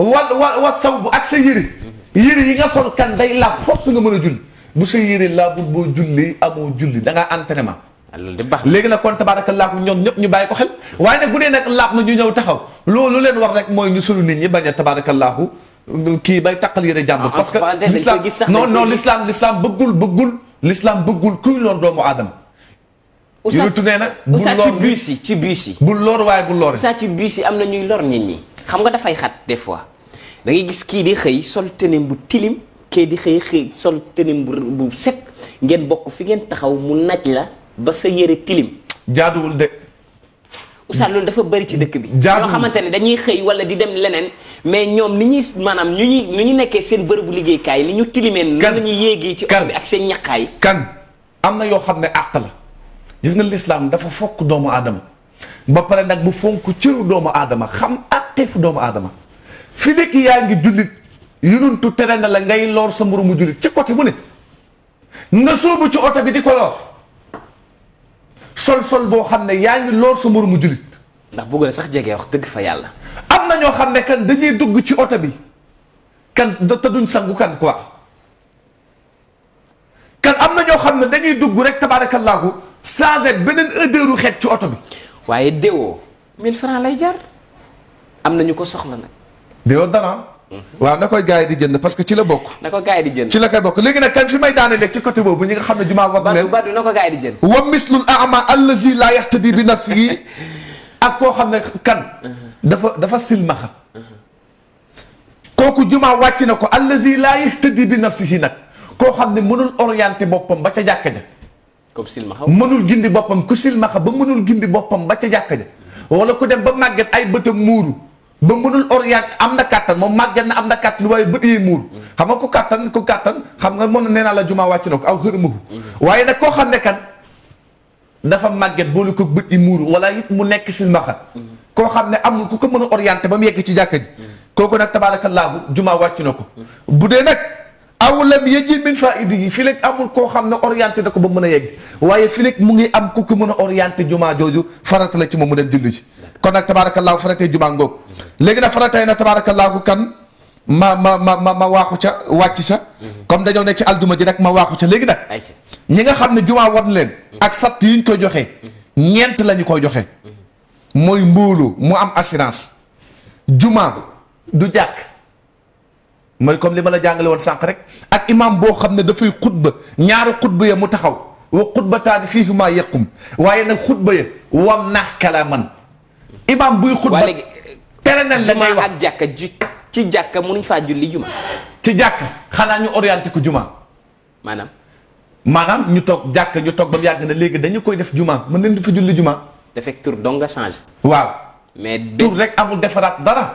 [SPEAKER 2] wal wa wa saw bu ak sa yëre yëre yi nga sol kan day laab force nga mën a julli bu sa yëre laabul boo julli amoo julli da ngaa entraînement ah, loolu de baax léegi nag kon tabaarakallaahu ñoom ñëpp ñu bàyyi ko xel waaye nag bu dee nag laab na ñu ñëw taxaw loolu leen wax rek mooy ñu su nit ñi bañ a tabaarakallaahu mm, kii bay taqal yëre jàmbur ah, parce que l'islam non non l'islam l'islam bëggul bëggul l'islam bëggul kuy loon doomu aadama yëngatu na
[SPEAKER 1] bu ci bus
[SPEAKER 2] yi ci bus yi bu lor waaye bu lor.
[SPEAKER 1] saa am na ñuy lor nit ñi xam nga dafay xat des fois da ngay gis kii di xëy sol teneem bu tilim kii di xëy xëy sol teneem bu bu set ngeen bokk fi ngeen taxaw mu naaj la ba sa yére tilim. jaaduwul de. Oustaz loolu dafa bari ci dëkk bi. jaaduwul ñoo xamante ne dañuy xëy wala di dem leneen mais ñoom ni ñuy maanaam ñu ñuy ni ñu nekkee seen bërëbu liggéeykaay li ñu tilimeen. kan la
[SPEAKER 2] ñuy yéegee ci oto bi ak seen ñaqaay. kan am na yoo xam ne àq la gis nga lislaam dafa fokk doomu aadama ba pare nag bu fonk cëru doomu aadama xam àqeefu doomu aadama. fi nekk yaa ngi jullit yonuntu tere na la ngay loor sa moromu jullit ci côté bu ne nga soobu ci oto bi di ko yor sol sol boo xam ne yaa ngi loor sa mburu mu jullit. ndax bëgg na sax jege wax dëgg fa yàlla. am na ñoo xam ne kan dañuy dugg ci oto bi kan te duñ sangu kan am na ñoo xam ne dañuy dugg rek tabaarakallaahu changé beneen odeur xeet ci oto bi. waaye déwoo 1000 francs lay jar am na ñu ko soxla nag. di yow dara. waaw na koy gars di jënd parce que ci la bokk. na ko gars yi di jënd ci la koy bokk léegi nag kan fi may daane léeg ci côté boobu ñi nga xam ne jumaa war na leen. Badou Badou na laa yaxtadi bi nafsihi ak koo xam ne kan. dafa dafa silmaxa. kooku jumaa wàcc na ko allazi laa yaxtadi bi nafsihi nag koo xam ne mënul orienté boppam ba ca jàkka ja. silmaxa mënul gindi boppam ku silmaxa ba mënul gindi boppam ba ca jàkka ja. wala ku dem ba màgget ay bëtam muuru. ba mënul orienté am na kàttan moom màgget na am na kàttan waaye bët yi muur xam kàttan ku kàttan xam nga mën nee naa la jumaa na ko aw xërmahu mhm. waaye nag koo xam ne kan dafa màgget boolu ko bët yi wala it mu nekk silmaxa mhm. koo xam ne amul ku ko mën a orienté ba mu yegg ci jàkka ji mhm. kooku nag tabaarakallaahu jumaa wàcc na ko bu dee nag aw lam yajid min faidi yi fi léeg amul koo xam ne orienté na ko ba mën a yegg waaye fi mu ngi am ku ko mën a orienté jumaa jooju farata la ci moom mu dem julli ci kon nag tabaarakallaahu faratee jumaa ngoog léegi nag faratay na tabaarakallaahu kan ma ma ma ma ma waaxu ca wàcc sa mhm. comme dañoo ne ci aljuma ji rek ma waaxu ca léegi nag ñi nga xam ne jumaa war na leen mhm. ak sart yi ñu koy joxe mhm. ñeent lañu ñu koy joxe mooy mbooloo mu am assurance jumaa du jàkk mooy comme li ma la jàngale woon sànq rek ak imam boo xam ne dafay xutba ñaari xutba ya mu taxaw wa xutbataani fiihumaa yaqum waaye nag xutba ya wam naax kalaaman imam buy xutba tere nañ li may ak jàkka ju ci jàkka mënuñ faa julli juma. ci jàkka xanaa ñu orienté ko jumaa maanaam. maanaam ñu toog jàkka ñu toog ba yàgg na léegi dañu koy def juma mën nañ di fa julli juma. dafay dong changé. waaw. mais tur rek amul defaraat dara.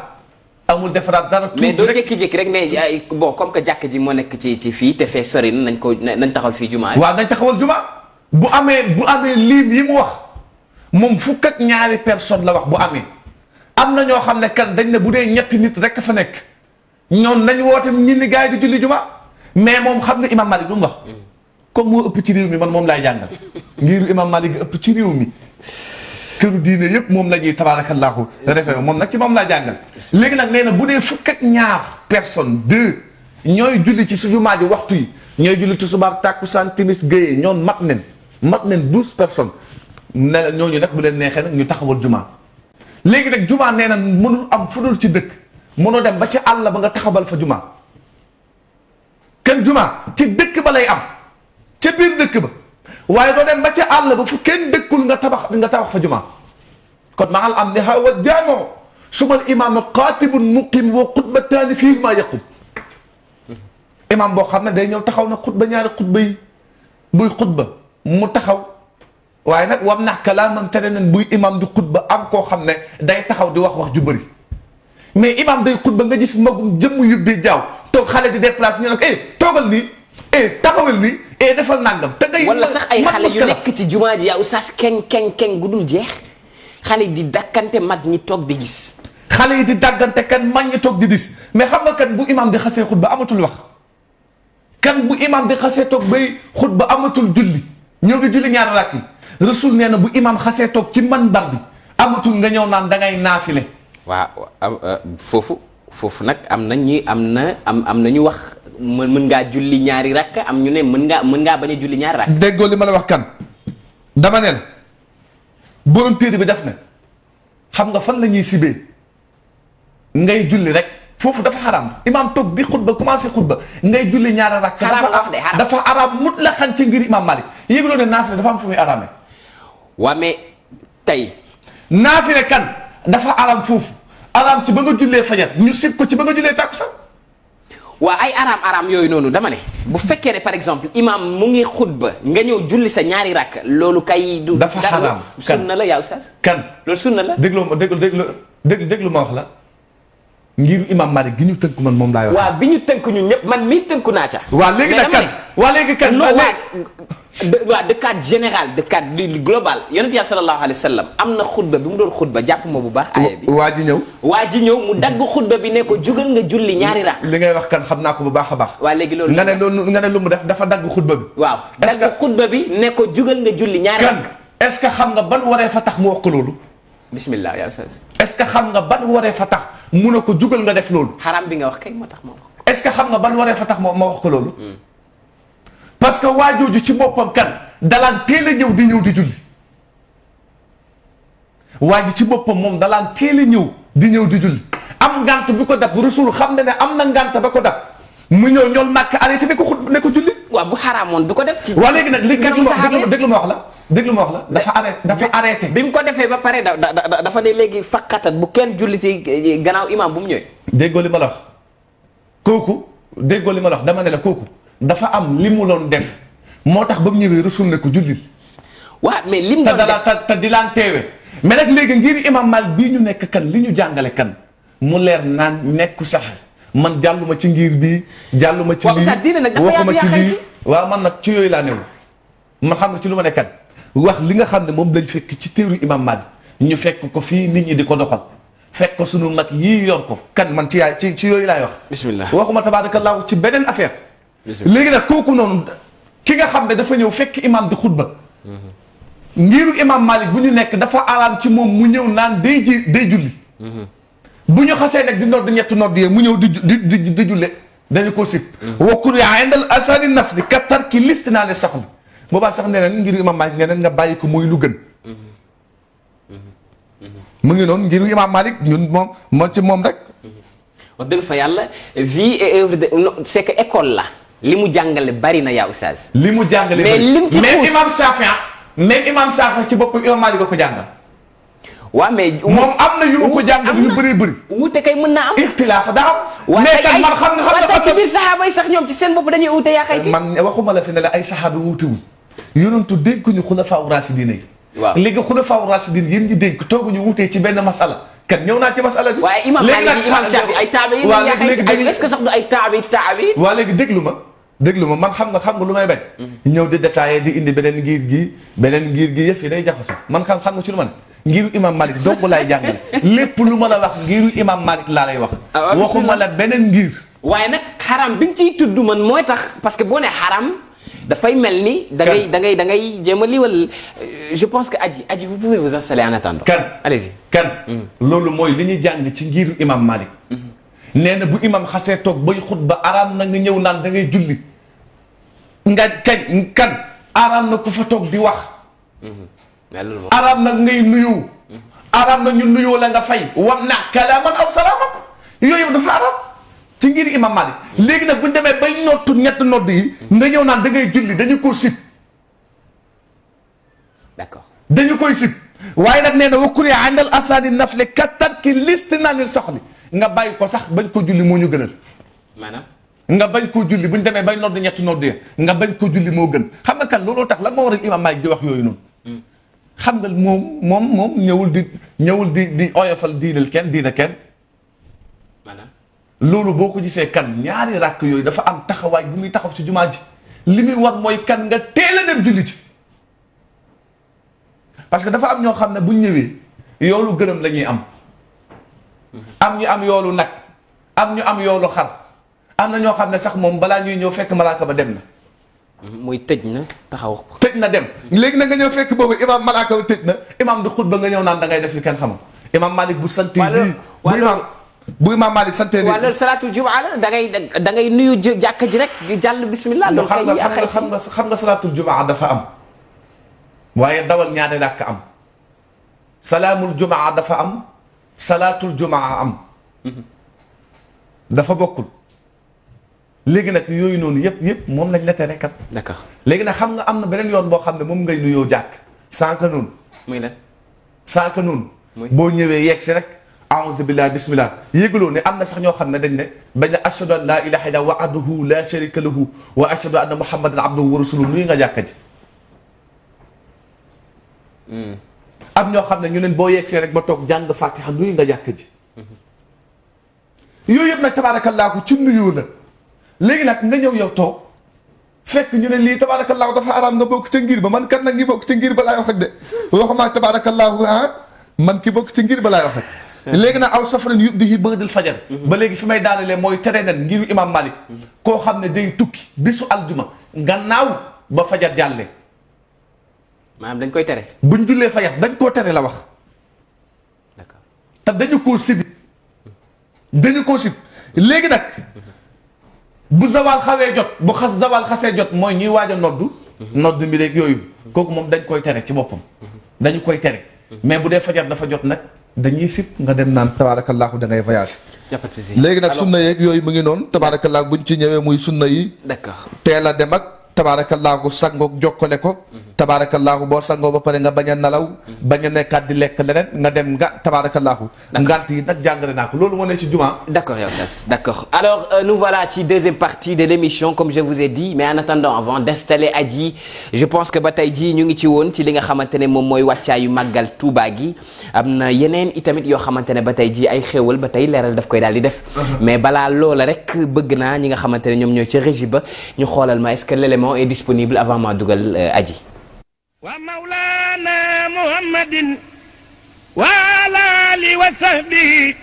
[SPEAKER 1] amul defaraat dara mais doo jékki-jékki rek mais bon comme que jàkk ji moo nekk ci ci fii te fee sori nañ ko nañ taxawal fii juma. waaw
[SPEAKER 2] nañ taxawal juma bu amee bu amee lim yi mu wax moom fukk ñaari personne la wax bu amee am na ñoo xam ne kan dañ ne bu dee ñetti nit rek fa nekk ñoom nañ woote ñi ni gars yi di julli juma mais moom xam nga imam Malik lu mu wax mm. comme moo ëpp ci réew mi man moom laay jàngal ngir imam Malik nga ëpp ci réew mi këru diine yëpp moom la ñuy tabaarakallaahu refe moom nag ci moom laa jàngal léegi nag nee na bu dee fukk ak ñaar personne deux ñooy julli ci suñu maaji waxtu yi ñooy julli tisbaar takkusaan timis géyee ñoom mat nen mat nen douze personnes ñooñu nag bu leen neexee nag ñu taxawal jumaa léegi nag jumaa nee na mënul am fu dul ci dëkk mënoo dem ba ci àll ba nga taxabal fa jumaa kenn jumaa ci dëkk ba lay am ca biir dëkk ba waaye doo dem ba ca àll ba fu kenn dëkkul nga tabax nga tabax fa jumaa kon maal am ne xaw a jaamoo suma imaamu qaatibun muqim wa xutbataani fii maa yaqub imaam boo xam ne day ñëw taxaw na xutba ñaari xutba yi buy xutba mu taxaw waaye nag wam nax kalaaman teranan buy imam di xutba am koo xam ne day taxaw di wax wax ju bëri mais imam day xutba nga gis magum jëmm yubbi jaaw toog xale di déplacé ñu ne ko eh, toogal nii eh taxawal nii eh defal nangam. te day wala sax ay xale yu nekk
[SPEAKER 1] ci jumaa ji yaa oustaz keng keng
[SPEAKER 2] keng gu dul jeex xale di dakkante mag ñi toog di gis. xale yi di daggante kan mag ñi toog di mais xam bu imam di xasee xutba amatul wax bu imam di xasee toog bay xutba amatul julli ñëw di julli ñaari rakk yi rasul nee na bu imam xasee toog ci manbar bi amatul nga ñëw naan da ngay naafile.
[SPEAKER 4] waaw euh,
[SPEAKER 1] foofu foofu nag am na ñi am na am na ñu wax mën mën ngaa julli ñaari rakk am ñu ne mën ngaa mën ngaa bañ julli ñaari rakk.
[SPEAKER 2] déggoo li ma la wax kan dama ne la téere bi def na xam nga fan la ñuy sibee ngay julli rek foofu dafa xaraam imaam toog bi xutba commencé xutba ngay julli ñaari rakk. xaraam wax dafa dafa araam mut la xan ci ngir imaam Malik yéeguloo ne naafile dafa am fu muy araamee. waa mais tey. naafile kan dafa aram foofu aram ci ba nga jullee
[SPEAKER 1] fajar ñu sib ko ci ba nga jullee takkusaan. waa ay aram araam yooyu noonu dama ne. bu fekkee ne par exemple imam mu ngi xutba nga ñëw julli sa ñaari rakk loolu kay. du dafa xaraam kan sunna la yaa oustaz kan loolu sunna
[SPEAKER 2] la. dégloo ma déglu déglu déglu ma wax la. ngir imam Malik gi ñu tënku man moom laa yor. waaw bi
[SPEAKER 1] ñu tënku ñun ñëpp man mii tënku naa ca. mais dama léegi nag kan waaw léegi kan. de waaw de cadre général de cadre global yonent yàlla sallallahu alayhi wa sallam am na xutba bi mu doon xutba jàpp ma bu baax. aaya bi waa ji ñëw. waa ji ñëw mu dagg
[SPEAKER 2] xutba bi ne ko jugal nga julli ñaari raq. li ngay wax kan xam naa ko bu baax a baax. waa léegi loolu nga ne nga ne lu mu def dafa dagg xutba bi. waaw dagg xutba bi ne ko jugal nga julli ñaari raq. kan est-ce que xam nga ba ban waree fa tax mu wax ko loolu. bismillah yaa saas est que xam nga ban waree fa tax mu ne ko jugal nga def loolu. xaram bi nga wax moo tax ma wax ko. est nga ban waree fa tax ma wax ko loolu. Hmm. parce que waajooju ci boppam kan dalaan teel a ñëw di ñëw di julli waa ji ci boppam moom dalaan teel a ñëw di ñëw di julli am ngant bi ko dab rasul xam ne ne am na ngant ba ko dab mu ñëw ñool màkk arrêté ne ko xut ne ko julli waaw bu xaraamoon du ko def ci waa léegi nag li kat déglu ma wax la déglu ma wax la dafa dafa
[SPEAKER 1] arrêté bi ko defee ba pare da dafa ne léegi faqatat bu kenn julli ci gannaaw imaam bu mu
[SPEAKER 2] ñëwee déggoo li ma lox wax déggoo li ma la dama ne la kooku dafa am li mu doon def moo tax ba mu ñëwee rasul ne ko jullit. waaw mais lim doon def te te di laan teewe mais nag léegi ngir imam Malik bii ñu nekk kan li ñu jàngale kan mu leer naan nekku sax man jàlluma ci ngir bii. jàlluma ci lii waxuma ci lii waaw man nag ci yooyu laa new man xam nga ci lu ma nekkan wax li nga xam ne moom lañ fekk ci téeru imam Malik ñu fekk ko fii nit ñi di ko doxal. fekk ko sunu nag yii yor ko. kan man ci yaay ci ci yooyu laay wax. bismillah waxuma tabaarakallaahu ci beneen affaire. léegi nag kooku noonu ki nga xam ne dafa ñëw fekk imam di xutba ngiru imam Malik bu ñu nekk dafa alaan ci moom mu ñëw naan day ji day julli bu ñu xasee nag di nodd ñetti nodd yee mu ñëw di di di julle dañu ko sib wakkul yaa indal asani naf di kattar ki liste naa ne sax bi boobaa sax nee neen ngiru imam Malik nee nga bàyyi ko muy lu gën mu ngi noonu ngiru imam Malik ñun moom moo ci moom rek
[SPEAKER 1] wax dëgg fa yàlla vie et de c'est école la li mu jàngale
[SPEAKER 2] bari na yaa oustaz. li mu jàngale mais lim ci même imam Safia même imam Safia ci boppam imam Malik ko jàngal. waaw mais am na yu ko jàngal yu bëri bëri. wuute kay mën naa am. ixtilaaf daa am. mais xam nga xam ci biir
[SPEAKER 1] saxaaba yi sax ñoom ci seen bopp dañuy wuute yaa xayti.
[SPEAKER 2] man waxuma la fi ne la ay saxaaba wuute wuñ. yonentu dénkuñu xulafaaw raasidiin yi. waaw léegi xulafaaw raasidiin yéen ñu dénk tooguñu wuutee masala kan ñëw naa ci masala bi. léegi nag waaye imam Maalik imam Shaafi ay taabi yi. waaw léegi sax du ay taabi taabi. waaw léegi déglu ma déglu ma man xam nga xam nga lu may bañ. Mm-hmm. ñëw di détaillé di indi beneen ngir gi beneen ngir gi yëf yi day jaxaso man xam xam nga ci lu man ngiru imam Malik dong laay jàngale lépp lu ma la wax ngir imam Malik laa lay wax. Ah, waxuma la beneen ngir. waaye nag xaram bi nga ciy man mooy tax parce que boo nee
[SPEAKER 1] xaram dafay mel ni. da ngay da ngay da ngay jéem a liwal euh, je pense que Adji Adji
[SPEAKER 2] vous pouvez vous installer en attendant. kan allez-y kan. Mm. loolu mooy li ñuy jàng ci ngiru imam Malik. Mm-hmm. nee na bu imam xasee toog bay xutba araam na nga ñëw naan dangay ngay julli nga kañ kan araam na ku fa toog di wax
[SPEAKER 3] mm-hmm. araam
[SPEAKER 2] na ngay nuyu araam na ñu nuyoo la nga fay wam na kalaaman aw salaaman yooyu dafa araam ci ngir imam Malik léegi nag bu ñu demee bay nottu ñett nodd yi nga ñëw naan da ngay julli dañu ko sib d'accord dañu koy sib waaye nag nee na wakkure àndal asaani nafle kattan ki liste naa ñu soxli nga bàyyi ko sax bañ ko julli moo ñu gënal. maanaam. nga bañ ko julli bu ñu demee bay nodd ñetti nodd ya nga bañ ko julli moo gën xam nga kan looloo tax lan moo waral imam Malik di wax yooyu noonu. Hmm. xam nga moom moom moom ñëwul di ñëwul di di oyofal diinal kenn diina kenn. maanaam. loolu boo ko gisee kan ñaari ràkk yooyu dafa am taxawaay bu muy taxaw si jumaa ji li muy war mooy kan nga teel a dem julli ji parce que dafa am ñoo xam ne bu ñëwee yoolu gërëm la ñuy am. am ñu am yoolu nag am ñu am yoolu xar am na ñoo xam ne sax moom balaa ñuy ñëw fekk malaaka ba dem na. mooy tëj na taxaw. tëj na dem léegi na nga ñëw fekk boobu imaam malaaka ba tëj na imaam di xutba nga ñëw naan da ngay def li kenn xamul bu sant. waaw waaw bu imaam sant. waaw loolu
[SPEAKER 1] salaatul jumaa la da ngay da ngay nuyu ji rek jàll bismillah. loolu kay xam nga xam
[SPEAKER 2] nga xam nga salaatul jumaa dafa am. waaye dawal ñaari ràkk am. salaamul jumaa dafa am. salaatul jumaa am dafa bokkul léegi nag yooyu noonu yëpp yëpp moom lañ la tere kat d'accord léegi nag xam nga am na beneen yoon boo xam ne moom ngay nuyoo jàkk sans que noonu muy la sans que noonu boo ñëwee yegg si rek aouzu billahi bismillah yéegloo ne am na sax ñoo xam ne dañ ne bañ ne ashhadu an laa ilaha illa wahdahu la sharika lahu wa ashhadu anna muhammadan nga jàkka am ñoo xam ne ñu leen boo yegsee rek ba toog jàng fatiha nuyu nga jàkk ji yooyu yëpp nag tabaarakallaahu ci nuyu la léegi nag nga ñëw yow toog fekk ñu ne lii tabaarakallaahu dafa araam nga bokk ca ngir ba man kan nag ngi bokk ca ngir ba laay wax ak de waxumaa tabaarakallaahu ah man ki bokk ca ngir ba laay wax léegi nag aw safarin yub di yi bëgg fajar ba léegi fi may daanalee mooy tere nen ngiru imam malik koo xam ne day tukki bisu aljuma gannaaw ba fajar jàllee maanaam dañ koy tere. buñ jullee fajar dañ koo tere la wax. te dañu koo sib dañu koo sib léegi nag bu zawal xawee jot bu xas zawal xasee jot mooy ñuy waaj a noddu. noddu mi rek yooyu. kooku moom dañ koy tere ci boppam. dañu koy tere. mais bu dee fajar dafa jot nag dañuy sib nga dem naan tabaarakallaahu da ngay voyage. léegi nag sunna yeeg yooyu mu ngi noonu bu buñ ci ñëwee muy sunna yi. d'accord a dem ak. tabaarakallaahu sango jokkale ko tabaarakallaahu boo sangoo ba pare nga bañ a nalaw bañ a nekkaat di lekk leneen nga dem nga tabaarakallaahu ngant yi nag jàngale naa ko loolu moo ne ci jumaa
[SPEAKER 1] d'accord yow Oustaz d'accord alors euh, nous voilà ci deuxième partie de l'émission comme je vous ai dit mais en attendant avant d'installer Adji je pense que ba tey jii ñu ngi ci woon ci li nga xamante ne moom mooy wàccaayu maggal Tuuba gi am na yeneen itamit yoo xamant ne ba tey jii ay xéewal ba tey leeral daf koy daal di def uh-huh. mais naa ñi nga xamante ne ñoom ñoo ci régie ba ñu également est disponible avant ma dugal euh, aji
[SPEAKER 2] wa mawlana muhammadin wa ala ali wa sahbi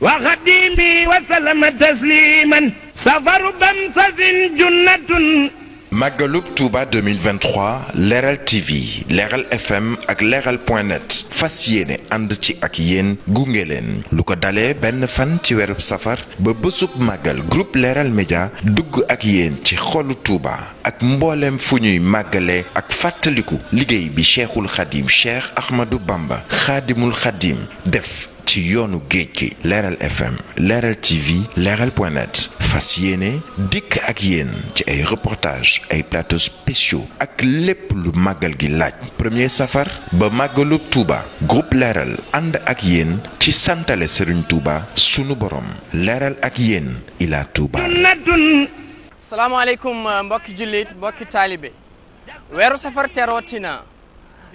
[SPEAKER 2] wa
[SPEAKER 1] xadimi wa salama tasliman safaru bamsasin junnatun
[SPEAKER 2] màggalub Touba 2023 Leral TV Leral FM ak Leral point net fas yéene ànd ci ak yéen gunge leen lu ko dalee benn fan ci werub safar ba bésub màggal groupe leeral Média dugg ak yéen ci xolu tuuba ak mbooleem fu ñuy màggale ak fàttaliku liggéey bi Cheikhul Khadim Cheikh Ahmadou Bamba xadimul Khadim def ci yoonu géej gi Leral FM Leral TV Leral point net fas yéene dikk ak yéen ci ay reportage ay plateaux spéciaux ak lépp lu màggal gi laaj premier safar ba màggalu tuuba groupe leeral ànd ak yéen ci santale Serigne Touba sunu borom leeral ak yéen ila Touba.
[SPEAKER 3] salaamaaleykum euh, mbokki jullit mbokki taalibe weeru safar terootina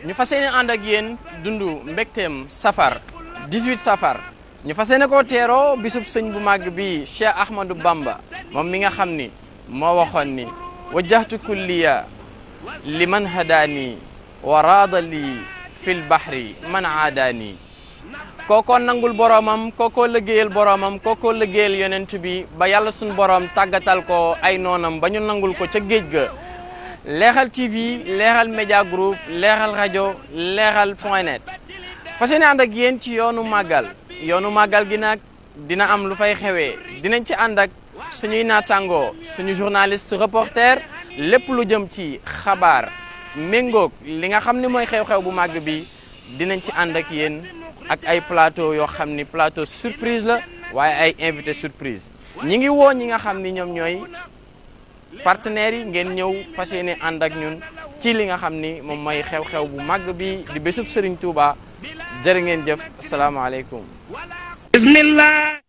[SPEAKER 3] ñu fas ànd ak yéen dundu mbégteem safar 18 safar. ñu fas yéene koo teeroo bisub sëñ bu màgg bi Cheikh Ahmadou Bamba moom mi nga xam ni moo waxoon ni wajjahtu kulliya liman hadaani wa raada lii fil bahri man aadaani kookoo nangul boromam boroomam kookoo boromam boroomam ko liggéeyal yonent bi ba yàlla suñ boroom tàggatal ko ay noonam ba ñu nangul ko ca géej ga leexal TV leexal média group leexal rajo leexal point net fas yéene ànd ak yéen ci yoonu màggal yoonu màggal gi nag dina am lu fay xewee dinañ ci ànd ak suñuy naataangoo suñu journaliste reporter lépp lu jëm ci xabaar méngoog li nga xam ne mooy xew-xew bu màgg bi dinañ ci ànd ak yen ak ay plateau yoo xam ni plateau surprise la waaye ay invité surprise ñi ngi woo ñi nga xam ni ñoom ñooy partenaires yi ngeen ñëw fas yéene ànd ak ñun ci li nga xam ni moom mooy xew-xew bu màgg bi di bésu Serigne Touba. jërë ngeen jëf asalaamaaleykum
[SPEAKER 4] bismillah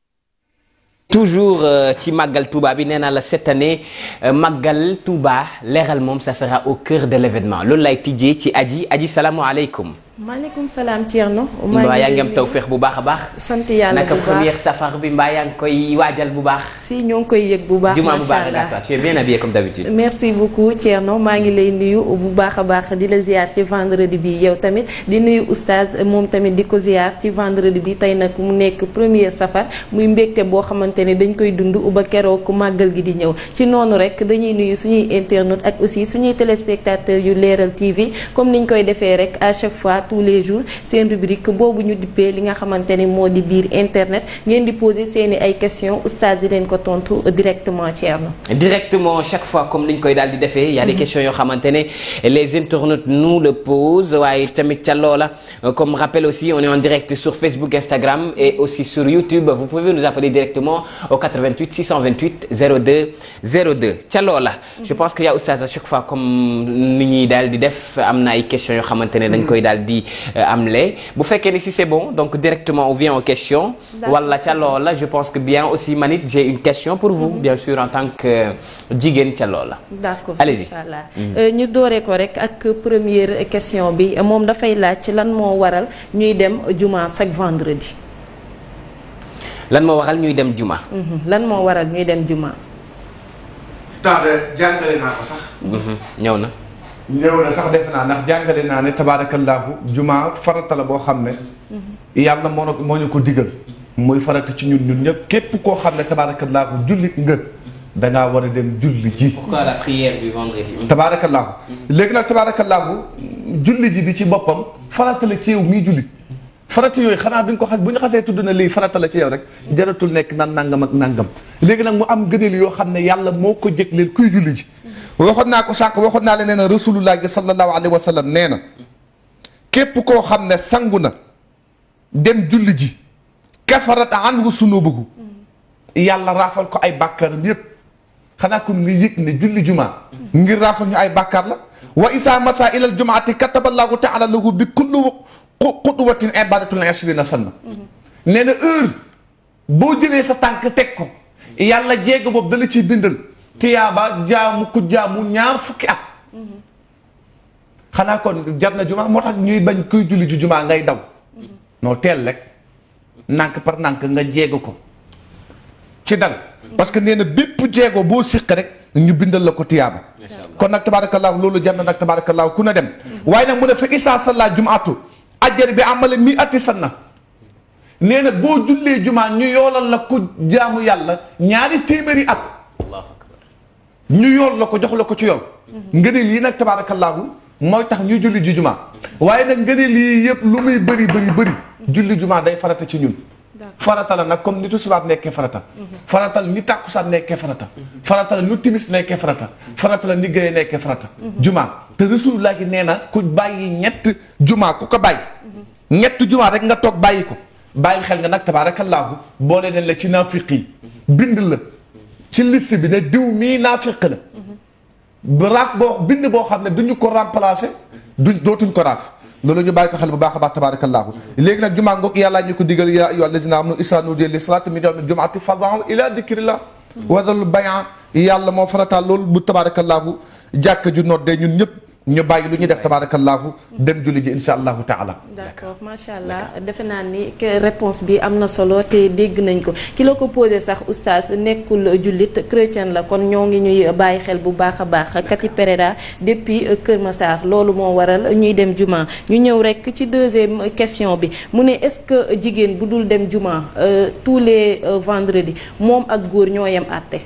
[SPEAKER 1] toujours euh, ci màggal Touba bi nee naa la cette année euh, màggal Touba leeral moom ça sera au cœur de l'événement loolu lay tijjee ci aji aji salaamualeykum
[SPEAKER 5] maaleykum salaam Thierno. mbaa yaa ngi am tawféex bu baax a baax. sant yàlla bu baax naka bi mbaa yaa ngi koy waajal bu baax. si ñoo ngi koy yëg bu baax. macha allah tu es bien habillé comme d'habitude. merci beaucoup Thierno maa ngi lay nuyu bu baax a baax di la ziar ci vendredi bi yow tamit di nuyu oustaz moom tamit di ko ziar ci vendredi bi tey nag mu nekk première safar muy mbégte boo xamante ne dañ koy dund ba keroog màggal gi di ñëw ci noonu rek dañuy nuyu suñuy internautes ak aussi suñuy téléspectateurs yu leeral TV comme niñ koy defee rek à chaque fois. tous les jours seen rubrique boobu ñu dippee li nga xamante ni moo di biir internet ngeen di poser seen i ay questions oustaz di leen ko tontu directement Thierno.
[SPEAKER 1] directement chaque fois comme di defee. a des mhm. questions yoo xamante ne les internautes nous le posent waaye tamit ca loola comme rappel aussi on est en direct sur Facebook Instagram et aussi sur YouTube vous pouvez nous appeler directement au 88 628 02 pense que y a chaque fois comme ni ñuy daal di def am na ay questions yoo xamante ne koy daal di. di euh, am lay bu fekkee ni si c'est bon donc directement on vient aux questions wala ca loola je pense que bien aussi manit j'ai une question pour vous mhm. bien sûr en tant que euh, jigéen ca loola
[SPEAKER 5] d'accord allez-y inchallah mhm. euh, ñu dooree ko rek ak première question bi moom dafay laaj lan moo waral ñuy dem juma chaque vendredi
[SPEAKER 1] lan moo waral
[SPEAKER 2] ñuy dem juma
[SPEAKER 5] mhm. lan moo waral dem juma
[SPEAKER 4] naa ko
[SPEAKER 2] sax ñëw na ñëw na sax def naa ndax jàngale naa ne tabaarakallaahu jumaa farata la boo xam ne yàlla moo moo ñu ko digal muy farata ci ñun ñun ñëpp képp koo xam ne tabaarakallaahu jullit nga dangaa war a dem julli ji. pourquoi la prière du vendredi. Mm-hmm. léegi nag tabaarakallaahu julli ji bi ci boppam farata la ci yow mii jullit farata yooyu xanaa bi nga ko xas bu ñu xasee tudd na lii farata la ci rek jaratul nekk naan nangam ak nangam léegi nag mu am gëneel yoo xam ne yàlla moo ko jégleel kuy julli ji waxoon naa ko sànq waxoon naa la nee na rasulullah gi wa sallam nee na képp koo xam ne sangu na dem julli ji kafarat anhu sunubuhu yàlla raafal ko ay bàkkaaram yépp xanaa ko nga yëg ne julli jumaa ngir raafal ñu ay bàkkaar la wa isa masa ilal jumaati kataballahu taala lahu bi kulli qudwatin ibadatun ashrina sanna nee na heure boo jëlee sa tànk teg ko yàlla jéego boobu dala ciy bindal tiyaaba jaamu ku jaamu ñaar fukki at xanaa kon jar na jumaa moo tax ñuy bañ kuy julli ju jumaa ngay daw noo teel rek nànk par nànk nga jéego ko ci dal parce que nee na bépp jéego boo siq rek ñu bindal la ko tiyaaba kon nag tabaarakallaahu loolu jar na nag tabaarakallaahu ku na dem waaye nag mu ne fa isaa salla jumaatu ajjar bi amale mi atti sanna nee na boo jullee jumaa ñu yoolal la ku jaamu yàlla ñaari téeméeri at ñu yoon la ko jox la ko ci yoon. Mhm. ngëneel yi nag tabaarakallaahu mooy tax ñu julli ji jumaa waaye nag ngëneel yi yëpp lu muy bëri bëri bëri. julli jumaa day farata ci ñun. farata la nag comme ni tusubaat nekkee farata. Mhm. farata la ni tàkkusaan nekkee farata. Mhm. farata la ni timis nekkee farata. farata la ni géye nekkee farata. jumaa te rasulullah nee na ku bàyyi ñett jumaa ku ko bàyyi. ñett jumaa rek nga toog bàyyi ko bàyyi xel nga nag tabaarakallaahu boole leen la ci naafiq yi bind la. ci liste bi ne diw mii naa naafiq la raaf boo bind boo xam ne duñu ko remplacer duñ dootuñ ko raaf loolu ñu bàyyi ko xel bu baax a baax tabarakallahu léegi nag jumaa ngoog yàllaa ñu ko digal yaa ayyuha allazina amanu isaa nuudiya li salaati min yawmi jumaati fadaw ila dikrillah wadal bayan yàlla moo farataal loolu bu tabarakallahu jàkk ju noddee ñun ñëpp ñu bàyyi lu ñu def tabaarakallaahu dem julli ji insha allahu taala.
[SPEAKER 5] d' accord macha allah defe naa ni que bi am na solo te dégg nañ ko ki la ko pose sax oustaz nekkul jullit chrétien la kon ñoo ngi ñuy bàyyi xel bu baax a baax. Kati Pereira depuis euh, Kër Massar loolu moo waral ñuy dem juma ñu ñëw rek ci deuxième question bi mu ne est ce que jigéen bu dul dem juma euh, tous les euh, vendredis moom ak góor ñoo yem àtte.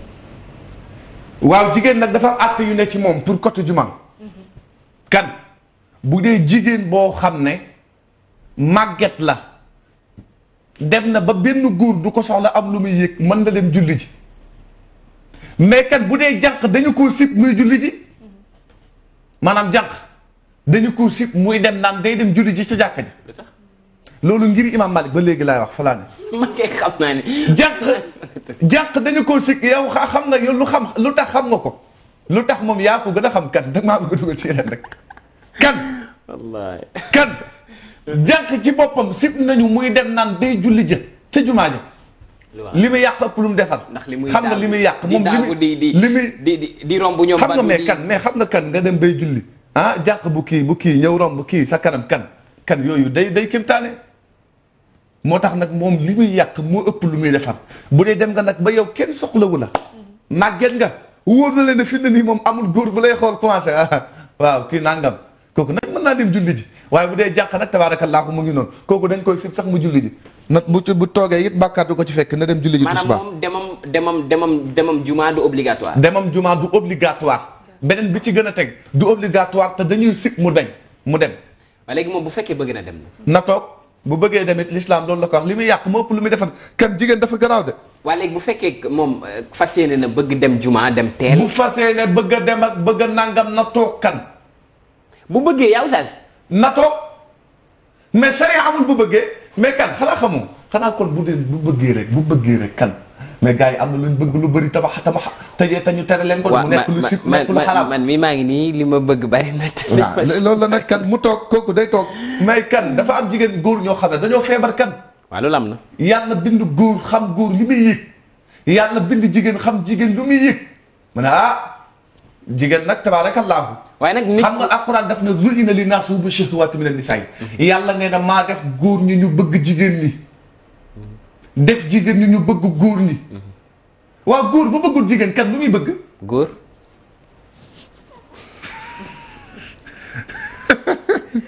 [SPEAKER 2] waaw jigéen nag dafa àtte yu ne ci moom pour côté juma. kan bu dee jigéen boo xam ne màgget la dem na ba benn góor du ko soxla am lu muy yëg mën na dem julli ji mais kat bu dee jànq dañu ko sib muy julli ji maanaam jànq dañu koo sib muy dem naan day dem julli ji ca jàkka ji loolu ngir imam Malik ba léegi laay wax fa laa ne. naa ne. jànq jànq dañu ko sib yow xam nga yow lu tax xam nga ko. lu tax moom yaa ko gën a xam kan nag maa bëgg a dugal ci yeneen rek kan. kan. jànq ci boppam sib nañu muy dem naan day julli jë ca jumaa ja li muy yàq ëpp lu mu defar. ndax li muy xam nga li muy yàq moom li muy li di di di romb ñoom. xam nga mais kan mais xam nga kan nga dem bay julli. ah jànq bu kii bu kii ñëw romb kii sa kanam kan yooyu day day kéemtaane moo tax nag moom li muy yàq moo ëpp lu muy defar bu dee dem nga nag ba yow kenn soxlawu la mm-hmm. màgget nga. wóor na leen ne fi ne nii moom amul góor bu lay xool commencé ah, waaw kii nangam kooku nag mën naa dem julli ji waaye bu dee jàq nag tabaarakallaahu mu ngi noonu kooku dañ koy sib sax mu julli ji na bu bu toogee it bàkkaar du ko ci fekk na dem julli ji tisbaar maanaam
[SPEAKER 1] demam demam demam demam jumaa du obligatoire demam jumaa du obligatoire beneen
[SPEAKER 2] bi ci gën a teg du obligatoire te dañuy sib mu dañ mu dem waaye léegi moom bu fekkee bëgg na dem na toog bu bëggee demit l'islam loolu la ko wax li muy yàq moo lu muy defar kan jigéen dafa garaaw waa léegi bu fekkee moom euh, fas yéene na bëgg dem juma dem teel. bu fas yéene bëgg a dem ak bëgg a nangam na toog kan. bu bëggee yaa oustaz. na toog mais sariya amul bu bëggee mais kan xanaa xamoo xanaa kon bu dee bu bëggee rek bu bëggee rek kan. mais gars yi am na luñ bëgg lu bëri tabax tabax te te ñu tere leen ko. mu nekk lu sip nekk lu xalaat man
[SPEAKER 1] mi maa ngi nii li ma bëgg bari na. te
[SPEAKER 2] loolu la na kan mu toog kooku day toog. mais kan dafa am jigéen góor ñoo xam ne dañoo feebar kan. waaw loolu am na. yàlla bind góor xam góor li muy yëg yàlla bind jigéen xam jigéen lu muy yëg mu ah jigéen nag tabaarakallaahu. waaye nag nit xam nga alquran daf na zuyyina li naas hubbu shahwaati mina nisaa mhm. yàlla nee na maa def góor ñi ñu bëgg jigéen ñi. Mhm. def jigéen ñi ñu bëgg góor ñi. Mhm. waaw góor bu bëggul jigéen kat lu muy bëgg. góor.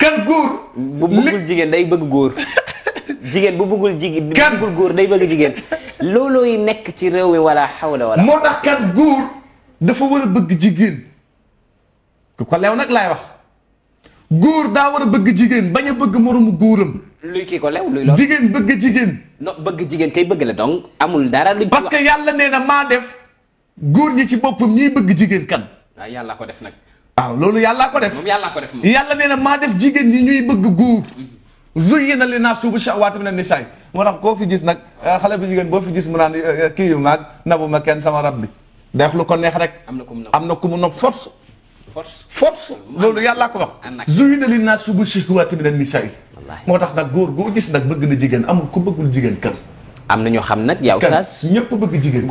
[SPEAKER 2] kan góor.
[SPEAKER 1] bu bëggul jigéen day bëgg góor. jigéen bu bëggul jigéen bu bëggul góor day bëgg jigéen looloo nekk ci réew mi wala xawla wala moo
[SPEAKER 2] tax kan góor dafa war a bëgg jigéen ku ko lew nag laay wax góor daa war a bëgg jigéen bañ a bëgg moromu góoram luy kii ko lew luy lool jigéen bëgg jigéen non bëgg jigéen kay bëgg la donc amul dara lu parce que yàlla nee na maa def góor ñi ci boppam ñiy bëgg jigéen kan
[SPEAKER 1] waaw ah, yàlla ko def nag
[SPEAKER 2] waaw loolu yàllaa ko def moom ko def moom yàlla nee na maa def jigéen ñi ñuy bëgg góor mm-hmm. zuyyina li naas bu shawaati mina nisaa moo tax koo fi gis nag eh, xale bu jigéen boo fi gis mu naan eh, eh, kii yu maag nabu kenn sama rab bi deex lu ko neex rek. am na ku mu nopp force. force force loolu yàllaa ko wax. zuyyina li naas moo tax nag góor goo gis nag bëgg na jigéen amul ku bëggul jigéen kan. am na ñoo xam nag yow saas ñëpp bëgg jigéen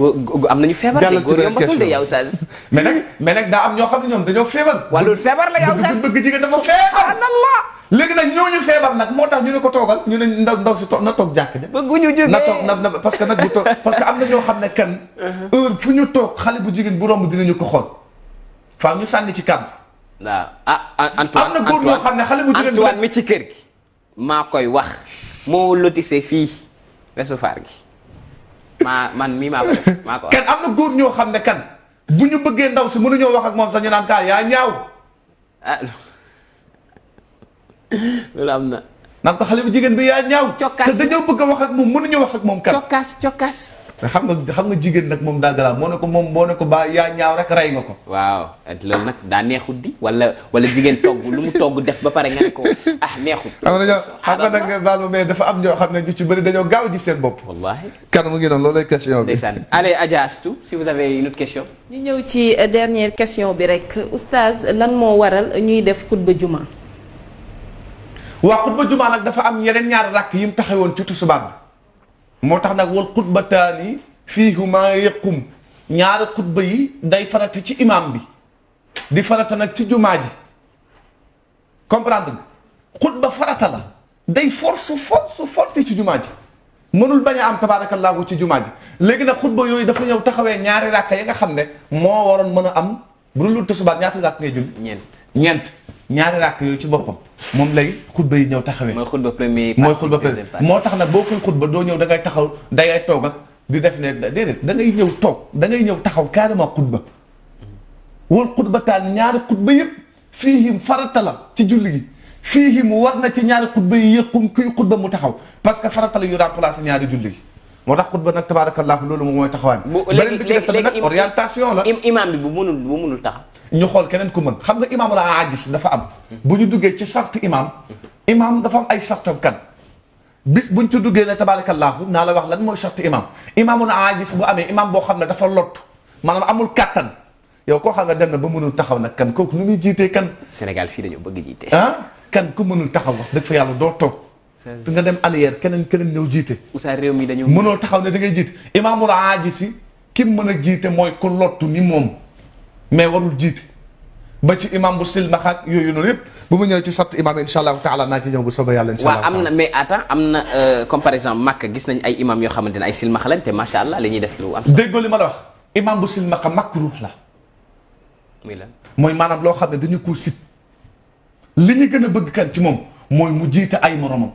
[SPEAKER 2] am nañu feebar de góor yombatul de yow saas mais daa am ñoo xam ne ñoom dañoo feebar. wàllu feebar la yow saas bëgg jigéen dafa feebar. subhanallah léegi nag ñooñu feebar nag moo tax ñu ne ko toogal ñu ne ndaw ndaw si toog na toog jàkk ja bëgguñu jógee na toog na parce que nag bu toog parce que am na ñoo xam ne kan uh-huh. heure fu ñu toog xale bu jigéen bu romb dinañu ko xool faaw ñu sànni ci kàddu
[SPEAKER 1] waaw ah na xale bu jigéen Antoine mi ci kër gi maa koy wax moo lotissé fii resu faar gi maa man mii maa ko def kan
[SPEAKER 2] am na góor ñoo xam ne kan bu ñu bëggee ndaw si mënuñoo wax ak moom sax ñu naan kaa yaa ñaaw ah, loolu am na. naan ko xale bu jigéen bi yaa ñaaw. cokkaas te dañoo bëgg a wax ak moom mënuñu wax ak moom. kan cokkaas cokkaas. mais xam nga xam nga jigéen nag moom daa galaa moo ne ko moom moo ne ko baa yaa ñaaw rek rey nga ko. waaw
[SPEAKER 1] loolu nag daa neexut di wala wala jigéen togg lu mu togg def ba pare nga ne ko ah neexut.
[SPEAKER 2] am na xam nga nag baal ma mais dafa am ñoo xam ne ñu ci bëri dañoo gaaw ji seen bopp. wallaahi kan mu ngi noonu loolay question bi. ndeysaan
[SPEAKER 5] allez Adja
[SPEAKER 1] Astou si vous avez une question.
[SPEAKER 5] ñu ñëw ci euh, dernière question bi rek oustaz lan moo waral ñuy def xutba juma.
[SPEAKER 2] waa xutba jumaa nag dafa am yeneen ñaari rakk yi mu taxawoon ci tusubaar bi moo tax nag wal xutba taali fiihuma yëqum ñaari xutba yi day farata ci imaam bi di farata nag ci jumaa ji comprendre nga xutba farata la day force force force ci jumaa ji mënul bañ a am tabaarakallaahu ci jumaa ji léegi nag xutba yooyu dafa ñëw taxawee ñaari rakk yi nga xam ne moo waroon mën a am bu dul tusubaar ñaata rakk ngay julli ñeent ñeent ñaari ràkk yooyu ci boppam moom lay xutba yi ñëw taxawee. mooy xutba premier mooy xutba moo tax nag boo koy xutba doo ñëw da ngay taxaw da ngay toog ak di def ne déedéet da ngay ñëw toog da ñëw taxaw carrément xutba wal xutbataan ñaari xutba yëpp fiihim farata la ci julli gi fiihim war na ci ñaari xutba yi yëqum kuy xutba mu taxaw parce que farata la yu remplacé ñaari julli gi. moo tax xutba nag tabaarakallah loolu moom mooy taxawaay. bu léegi léegi léegi orientation la. imaam bi ñu xool keneen ku mën xam nga imaam laa ajis dafa am bu ñu duggee ci sart imaam imaam dafa ay sartam bis buñ ci duggee ne tabaarakallaahu naa la wax lan mooy sart imaam imaamun ajis bu amee imaam boo xam ne dafa lott maanaam amul kàttan yow koo xam nga dem na ba mënul taxaw nag kan kooku nu muy jiitee kan Sénégal fii dañoo bëgg jiite ah kan ku mënul taxaw wax dëgg yàlla doo toog du nga dem arrière keneen keneen ñëw jiite Oustaz réew mi dañu mënoo taxaw ne da ngay jiite imaamul ajis yi ki mën a jiite mooy ku lottu ni moom mais warul jiit ba ci imam bu silmaxa yooyu noonu yëpp bu mu ñëw ci sart imam insha allahu taala naa ci ñëw bu soobee yàlla insha allah waaw am na
[SPEAKER 1] mais attends am na euh, comme par ay imam yoo xamante ne ay silmaxa lañ te
[SPEAKER 2] macha allah li ñuy la wax
[SPEAKER 1] la
[SPEAKER 2] mooy maanaam loo xam ne dañu ko sit li ñu gën a bëgg kan ci moom mooy mu jiite ay moromam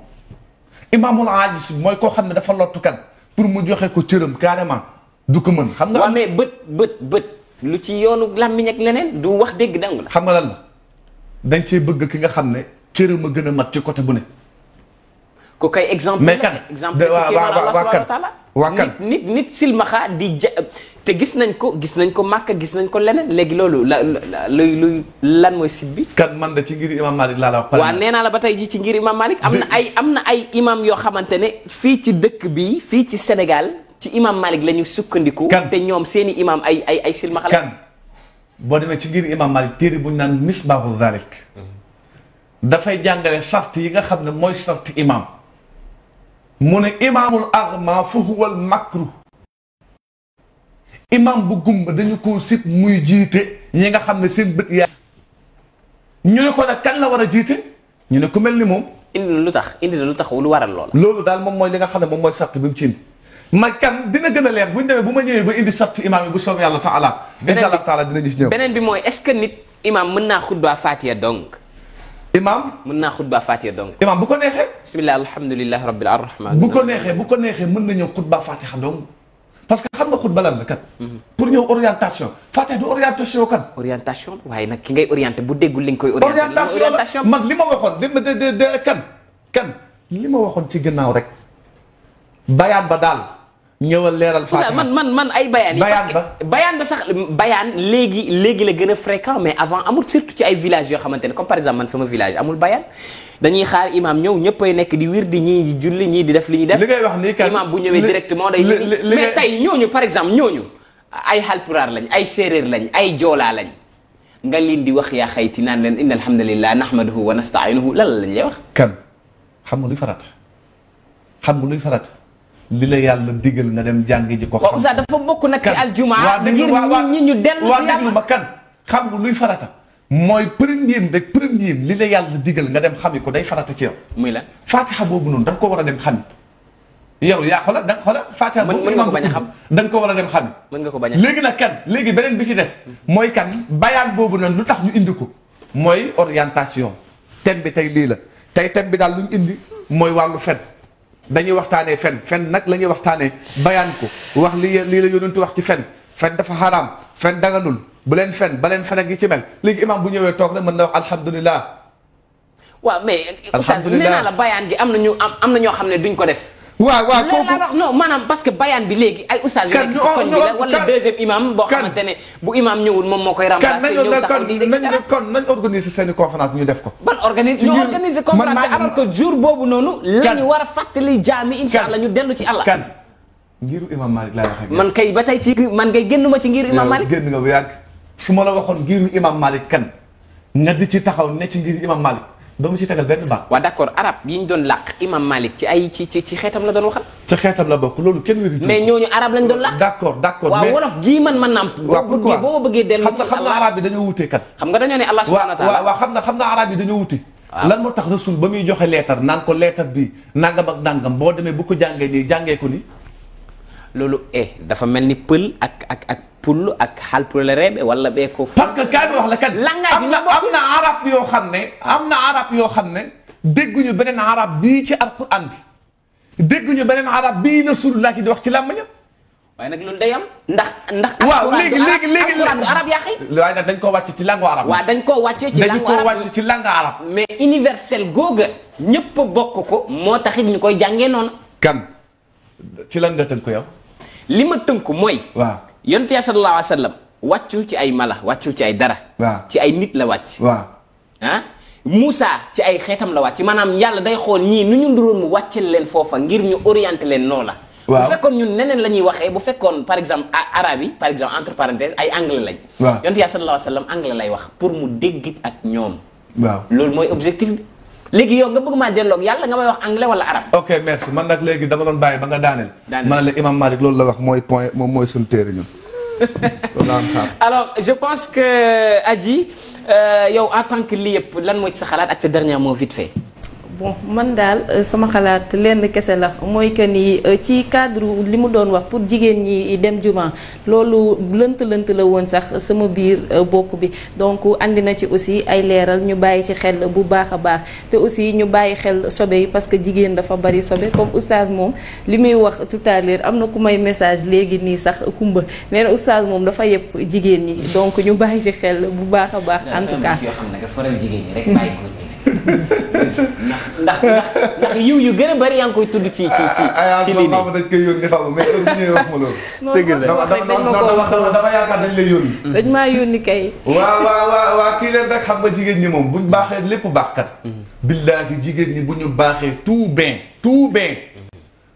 [SPEAKER 2] imaamul aajis mooy koo xam ne dafa lottu kan pour mu joxe ko cëram carrément du ko mën xam nga waaw mais bët bët bët lu ci yoonu làmmiñ ak leneen du wax dégg dangu la. xam nga lan la dañ cee bëgg ki nga xam ne cëram a gën a mat ci côté bu ne.
[SPEAKER 1] ko kay exemple. mais kan exemple waa kan nit nit silmaxa di ja te gis nañ ko gis nañ ko màkk gis nañ ko leneen léegi loolu
[SPEAKER 2] la mooy sit bi. kan man da ci ngir imam Malik
[SPEAKER 1] nee naa la ba tey jii ci ngir imam Malik. am na ay am na ay imam yoo xamante ne fii ci dëkk bi fii ci Sénégal. ci imam Malik la sukkandiku. kan te ñoom seen i imam ay ay ay kan
[SPEAKER 2] boo demee ci ngir imam Malik téere bu ñu naan misbaahul dalik dafay jàngale sart yi nga xam ne mooy sart imam. mu ne imaamul arma fa huwal makru bu gumba dañu koo sit muy jiite ñi nga xam ne seen bët ñu ne ko nag kan la war a jiite ñu ne ku mel ni moom. indi na tax indi na lu tax lu waral lool. loolu daal moom mooy li nga xam ne moom mooy sart bi mu ci indi ma kan dina gën a leer bu ñu demee bu ma ñëwee ba indi sabti imaam yi bu soobee yàlla taala incha allah taala dina gis ñëw
[SPEAKER 1] beneen bi mooy est-ce que nit imaam mën naa xutba faatiya donc imaam mën naa xutba faatiya donc imaam bu ko neexee bismillah alhamdulilah rabbil arrahman bu ko
[SPEAKER 2] neexee bu ko neexee mën na ñëw xutba faatiha donc parce que xam nga xutba lan la kat mhm. pour ñëw orientation faatiha du orientation kan orientation waaye nag ki ngay orienté bu déggul li nga koy orientation man li ma waxoon dé de de kan kan li ma waxoon ci gannaaw rek bayaan ba daal ñëwal leeral Fatima
[SPEAKER 1] man man man ay bayaan yi parce que bayaan ba sax bayaan léegi léegi la gën a fréquent mais avant amul surtout ci ay village yoo xamante ne comme par exemple man sama village amul bayaan dañuy xaar imam ñëw ñëppay nekk di wir di ñii di ñii di def li ñuy def ngay wax nii kat imam bu ñëwee directement day mais tey par exemple ñooñu ay xalpuraar lañ ay séeréer lañ ay joolaa lañ nga leen di wax yaa xayti naan leen inna alhamdulillah nahmaduhu wa nastainuhu lan lañ lay wax
[SPEAKER 2] kan xam nga luy farata xam luy farata li la yàlla digal nga dem jàngi ji ko xam oustaz
[SPEAKER 1] dafa bokk nag ci aljuma ngir nit ñi ñu dellu ci yàlla
[SPEAKER 2] ma kan xam nga luy farata mooy premier rek premier li la yàlla digal nga dem xami ko day farata ci yow muy la fatiha boobu noonu da nga ko war a dem xami yow yaa xola da nga xola fatiha boobu mën nga ko xam da ko war a dem xami mën nga ko bañ léegi nag kan léegi beneen bi ci des mooy kan bayaan boobu noonu lu tax ñu indi ko mooy orientation thème bi tey lii la tey thème bi daal lu ñu indi mooy wàllu fen dañuy waxtaanee fen fen nag la ñuy waxtaanee bayaan ko wax li lii la yonentu wax ci fen fen dafa xaraam fen daganul bu leen fen ba leen fen ak yi ci mel léegi imaam bu ñëwee toog rek mën na wax alhamdulilah.
[SPEAKER 1] waaw mais. alhamdulilah nee naa la bayaan gi am na ñu am na ñoo xam ne duñ ko def. waaw waaw kooku la parce que bayaan bi léegi ay oustaz bi nekk ci koñ bi la imam moom moo koy remplacer ñëw taxaw di
[SPEAKER 2] nañ kon nañ ko ban organiser ñu organiser conférence jour boobu noonu war a fàttali jaami insha allah ñu dellu ci àlla kan ngiru imam Malik laa man
[SPEAKER 1] kay ba tey ci man ngay ci ngiru imam Malik
[SPEAKER 2] génn nga bu su ma la waxoon ngiru imam Malik kan nga di ci taxaw ne ci ngiru imam Malik doo ma ci tegal benn baat. waaw d'accord arab
[SPEAKER 1] yi ñu doon làq imam Malik ci ay ci xeetam la doon waxal.
[SPEAKER 2] ci xeetam la bokk loolu kenn wéru. mais
[SPEAKER 1] ñooñu arab lañ doon làq.
[SPEAKER 2] d'accord d'accord mais waaw wolof gii man ma nàmp. waaw pourquoi boo bëggee dellu ci xam nga arab wute kat. xam nga dañoo ne Allah subhanahu wa ta'ala waaw xam na xam na arab yi dañoo lan moo tax rasul ba muy joxe leetar naan ko leetar bi nangam ak nangam boo demee bu ko jàngee nii jàngee ko ni loolu
[SPEAKER 1] eh dafa mel ni pël ak ak ak pullu ak halpulareeɓe walla ɓe ko parce
[SPEAKER 2] ka kaami wax la kadi am na arab yoo xam ne am na arab yoo xam ne dégguñu beneen arab bii ci alquran bi dégguñu beneen arab bii rasulullah di wax ci làmmañam
[SPEAKER 4] waaye
[SPEAKER 1] nag loolu day am ndax ndax waaw léegi léegi léegi arab yaa xëy nag dañ koo wàcce ci langue arab dañ koo wàcce ci langue arab dañ koo wàcce ci langue arab mais universel googa ñépp bokk ko moo taxit ñu koy jàngee noonu
[SPEAKER 2] kan ci lan nga tënk yow
[SPEAKER 1] li ma mooy yonent ya sallallahu alayhi wa ci ay mala wàccul ci ay dara. ci ay nit la wàcc. waaw ah Moussa ci ay xeetam la wàcc maanaam yàlla day xool ñii nu ñu nduroon mu wàcceel leen foofa ngir ñu orienté leen noo la. waaw bu fekkoon ñun neneen la ñuy waxee bu fekkoon par exemple arabe yi par exemple entre parenthèses ay anglais lañ. waaw yonent ya sallallahu alayhi anglais lay wax pour mu dégg ak ñoom. loolu mooy objectif léegi yow nga bëgg maa delloog yàlla nga may wax anglais wala arab ok
[SPEAKER 2] merci man nag léegi dama doon bàyyi ba nga
[SPEAKER 1] daaneel. daaneel ma
[SPEAKER 2] ne Imam Malik loolu la wax mooy point moom mooy suñu téere ñun.
[SPEAKER 1] alors je pense que Adji euh, yow en tant que lii yëpp lan mooy sa xalaat ak sa dernier mot vite fait.
[SPEAKER 5] bon man daal euh, sama xalaat lenn kese la mooy que nii euh, ci cadre li mu doon wax pour jigéen ñi dem juma loolu lënt lënt la woon sax sama biir euh, bokk bi donc andi na ci aussi ay leeral ñu bàyyi ci xel bu baax a baax te aussi ñu bàyyi xel sobe yi parce que jigéen dafa bari sobe comme oustaz moom li muy wax tout am na ku may message léegi nii sax kumba nee na moom dafa yëpp jigéen ñi donc ñu bàyyi ci xel bu baax a baax en tout ndax ndax
[SPEAKER 1] ndax yiw yu gën a bari yaa ngi koy tudd ci ci ci ci lii nii dañ koy yónni xaw mais heure bu
[SPEAKER 2] ñëwee
[SPEAKER 5] wax ma loolu. dëgg la
[SPEAKER 2] dama yaakaar dañ lay yónni.
[SPEAKER 5] dañ maa yónni kay. waa waa
[SPEAKER 2] waa waa kii leen rek xam nga jigéen ñi moom buñ baaxee lépp baaxkat. Mm-hmm. billaahi jigéen ñi bu ñu baaxee tout bien tout bien.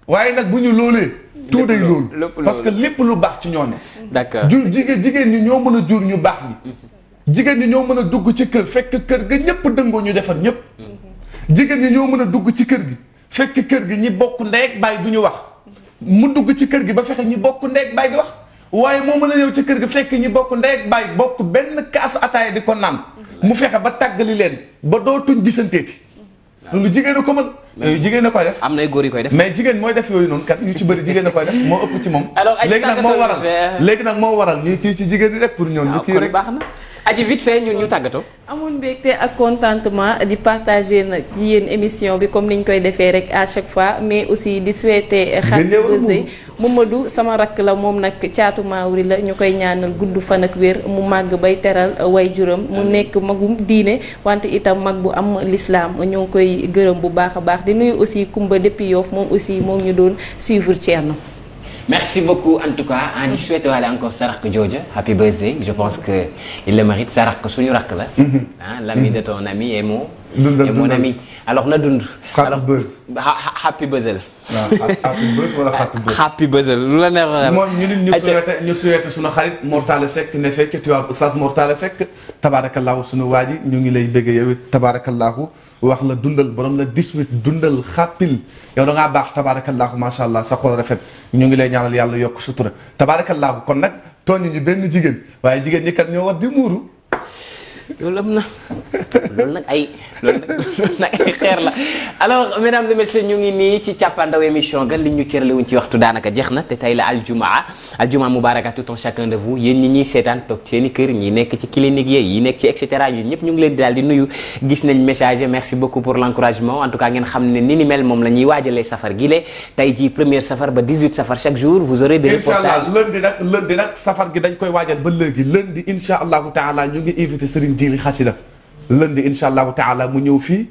[SPEAKER 2] waaye nag bu ñu loolee. tout day loolu parce que lépp lu baax ci ñoo ne. jur jigéen jigéen ñi ñoo mën a jur ñu baax ñi. Mm-hmm. jigéen ñi ñoo mën a dugg ci kër fekk kër gi ñëpp dëngoo ñu defar ñëpp. jigéen ñi ñoo mën a dugg ci kër gi fekk kër gi ñi bokk ndeeg baay bu ñu wax. mu dugg ci kër gi ba fexe ñi bokk ndeeg baay di wax waaye moo mën a ñëw ci kër gi fekk ñi bokk ndeeg baay bokk benn kaasu ataaya di ko naan. mu fexe ba tàggali leen ba dootuñ gisanteeti. loolu jigéen a ko mën. yooyu jigéen a koy def. am mais jigéen mooy def yooyu noonu kat yu ci bëri jigéen a koy def nag moo waral léegi ci jigéen ñi rek pour ñoom ñu ah, aji vite fait ñun ñu tàggatoo.
[SPEAKER 5] amoon mbégte ak contentement di partager nag ci yéen émission bi comme ni ñu koy defee rek à chaque fois mais aussi di souhaiter. xam nga Mamadou sama rakk la moom nag caatu maawri la ñu koy ñaanal gudd fan ak wér mu màgg bay teral way juram mu nekk magum diine wante itam mag bu am l'islam ñoo ngi koy gërëm bu baax a baax di nuyu aussi Kumba depuis Yoff moom aussi moom ñu doon suivre Thierno. merci beaucoup en tout cas en ah, di souhaité waale encore sa rakk
[SPEAKER 1] jooja happy birthday je pense que il le mérite sa rakk suñu rakk la mhm. ah l'ami de ton ami et mon dundal dundal mon na dund. alors
[SPEAKER 2] happy buzzel. Ah, happy buzz wala
[SPEAKER 1] happy la neex
[SPEAKER 2] la. moom ñu nit ñu souhaité ñu souhaité sunu xarit Mortale Seck ne fekk ci tubaab Oustaz waa ji ñu ngi lay bëgg yow it tabaarakallaahu wax la dundal borom la 18 dundal xàppil yow da ngaa baax tabaarakallaahu macha allah sa xol rafet ñu ngi lay ñaanal yàlla yokk sutura tabaarakallaahu kon nag tooñu ñu benn jigéen waaye jigéen ñi kat ñoo war di muuru. loolu am na loolu nag ay loolu nag loolu nag ay xeer la alors
[SPEAKER 1] mesdames et messieurs ñu ngi nii ci càppaandaw émission ga li ñu cërale wuñ ci waxtu daanaka jeex na te tey la aljumaa aljumaa mubarak à tout un chacun de vous yéen ñi ñuy seetaan toog seeni kër ñi nekk ci clinique yi yi nekk ci et cetera ñun ñu ngi leen di daal di nuyu gis nañ message merci beaucoup pour l'encouragement en tout cas ngeen xam ne ni ni mel moom la ñuy waajalee safar gi le tey ji première safar ba 18 safar
[SPEAKER 2] jiili xasida lundi incha allahu taala mu ñëw fii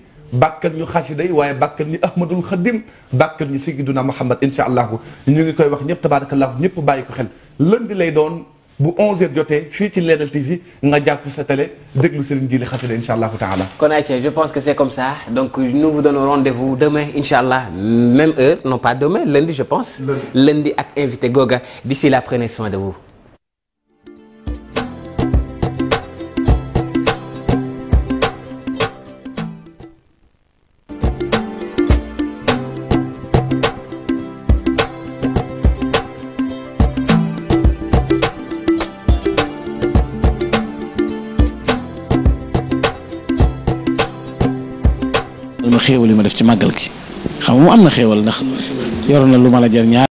[SPEAKER 2] bàkkal ñu xasida yi waaye bàkkal ñu ahmadul xadim bàkkal ñu na muhammad incha allahu ñu ngi koy wax ñëpp tabarakallahu ñëpp bàyyi ko xel lundi lay doon bu 11h jotee fii ci Leral TV nga jàpp sa télé déglu Serigne Djily Khassida incha allahu taala.
[SPEAKER 1] kon Aïcha je que c' est comme ça donc nous vous donnons rendez-vous demain incha allah même heure non pas demain lundi je pense. lundi ak invité Goga d'ici là prenez
[SPEAKER 2] def ci màggal gi xam nga mu am na xéewal ndax yor na lu ma la jar ñaar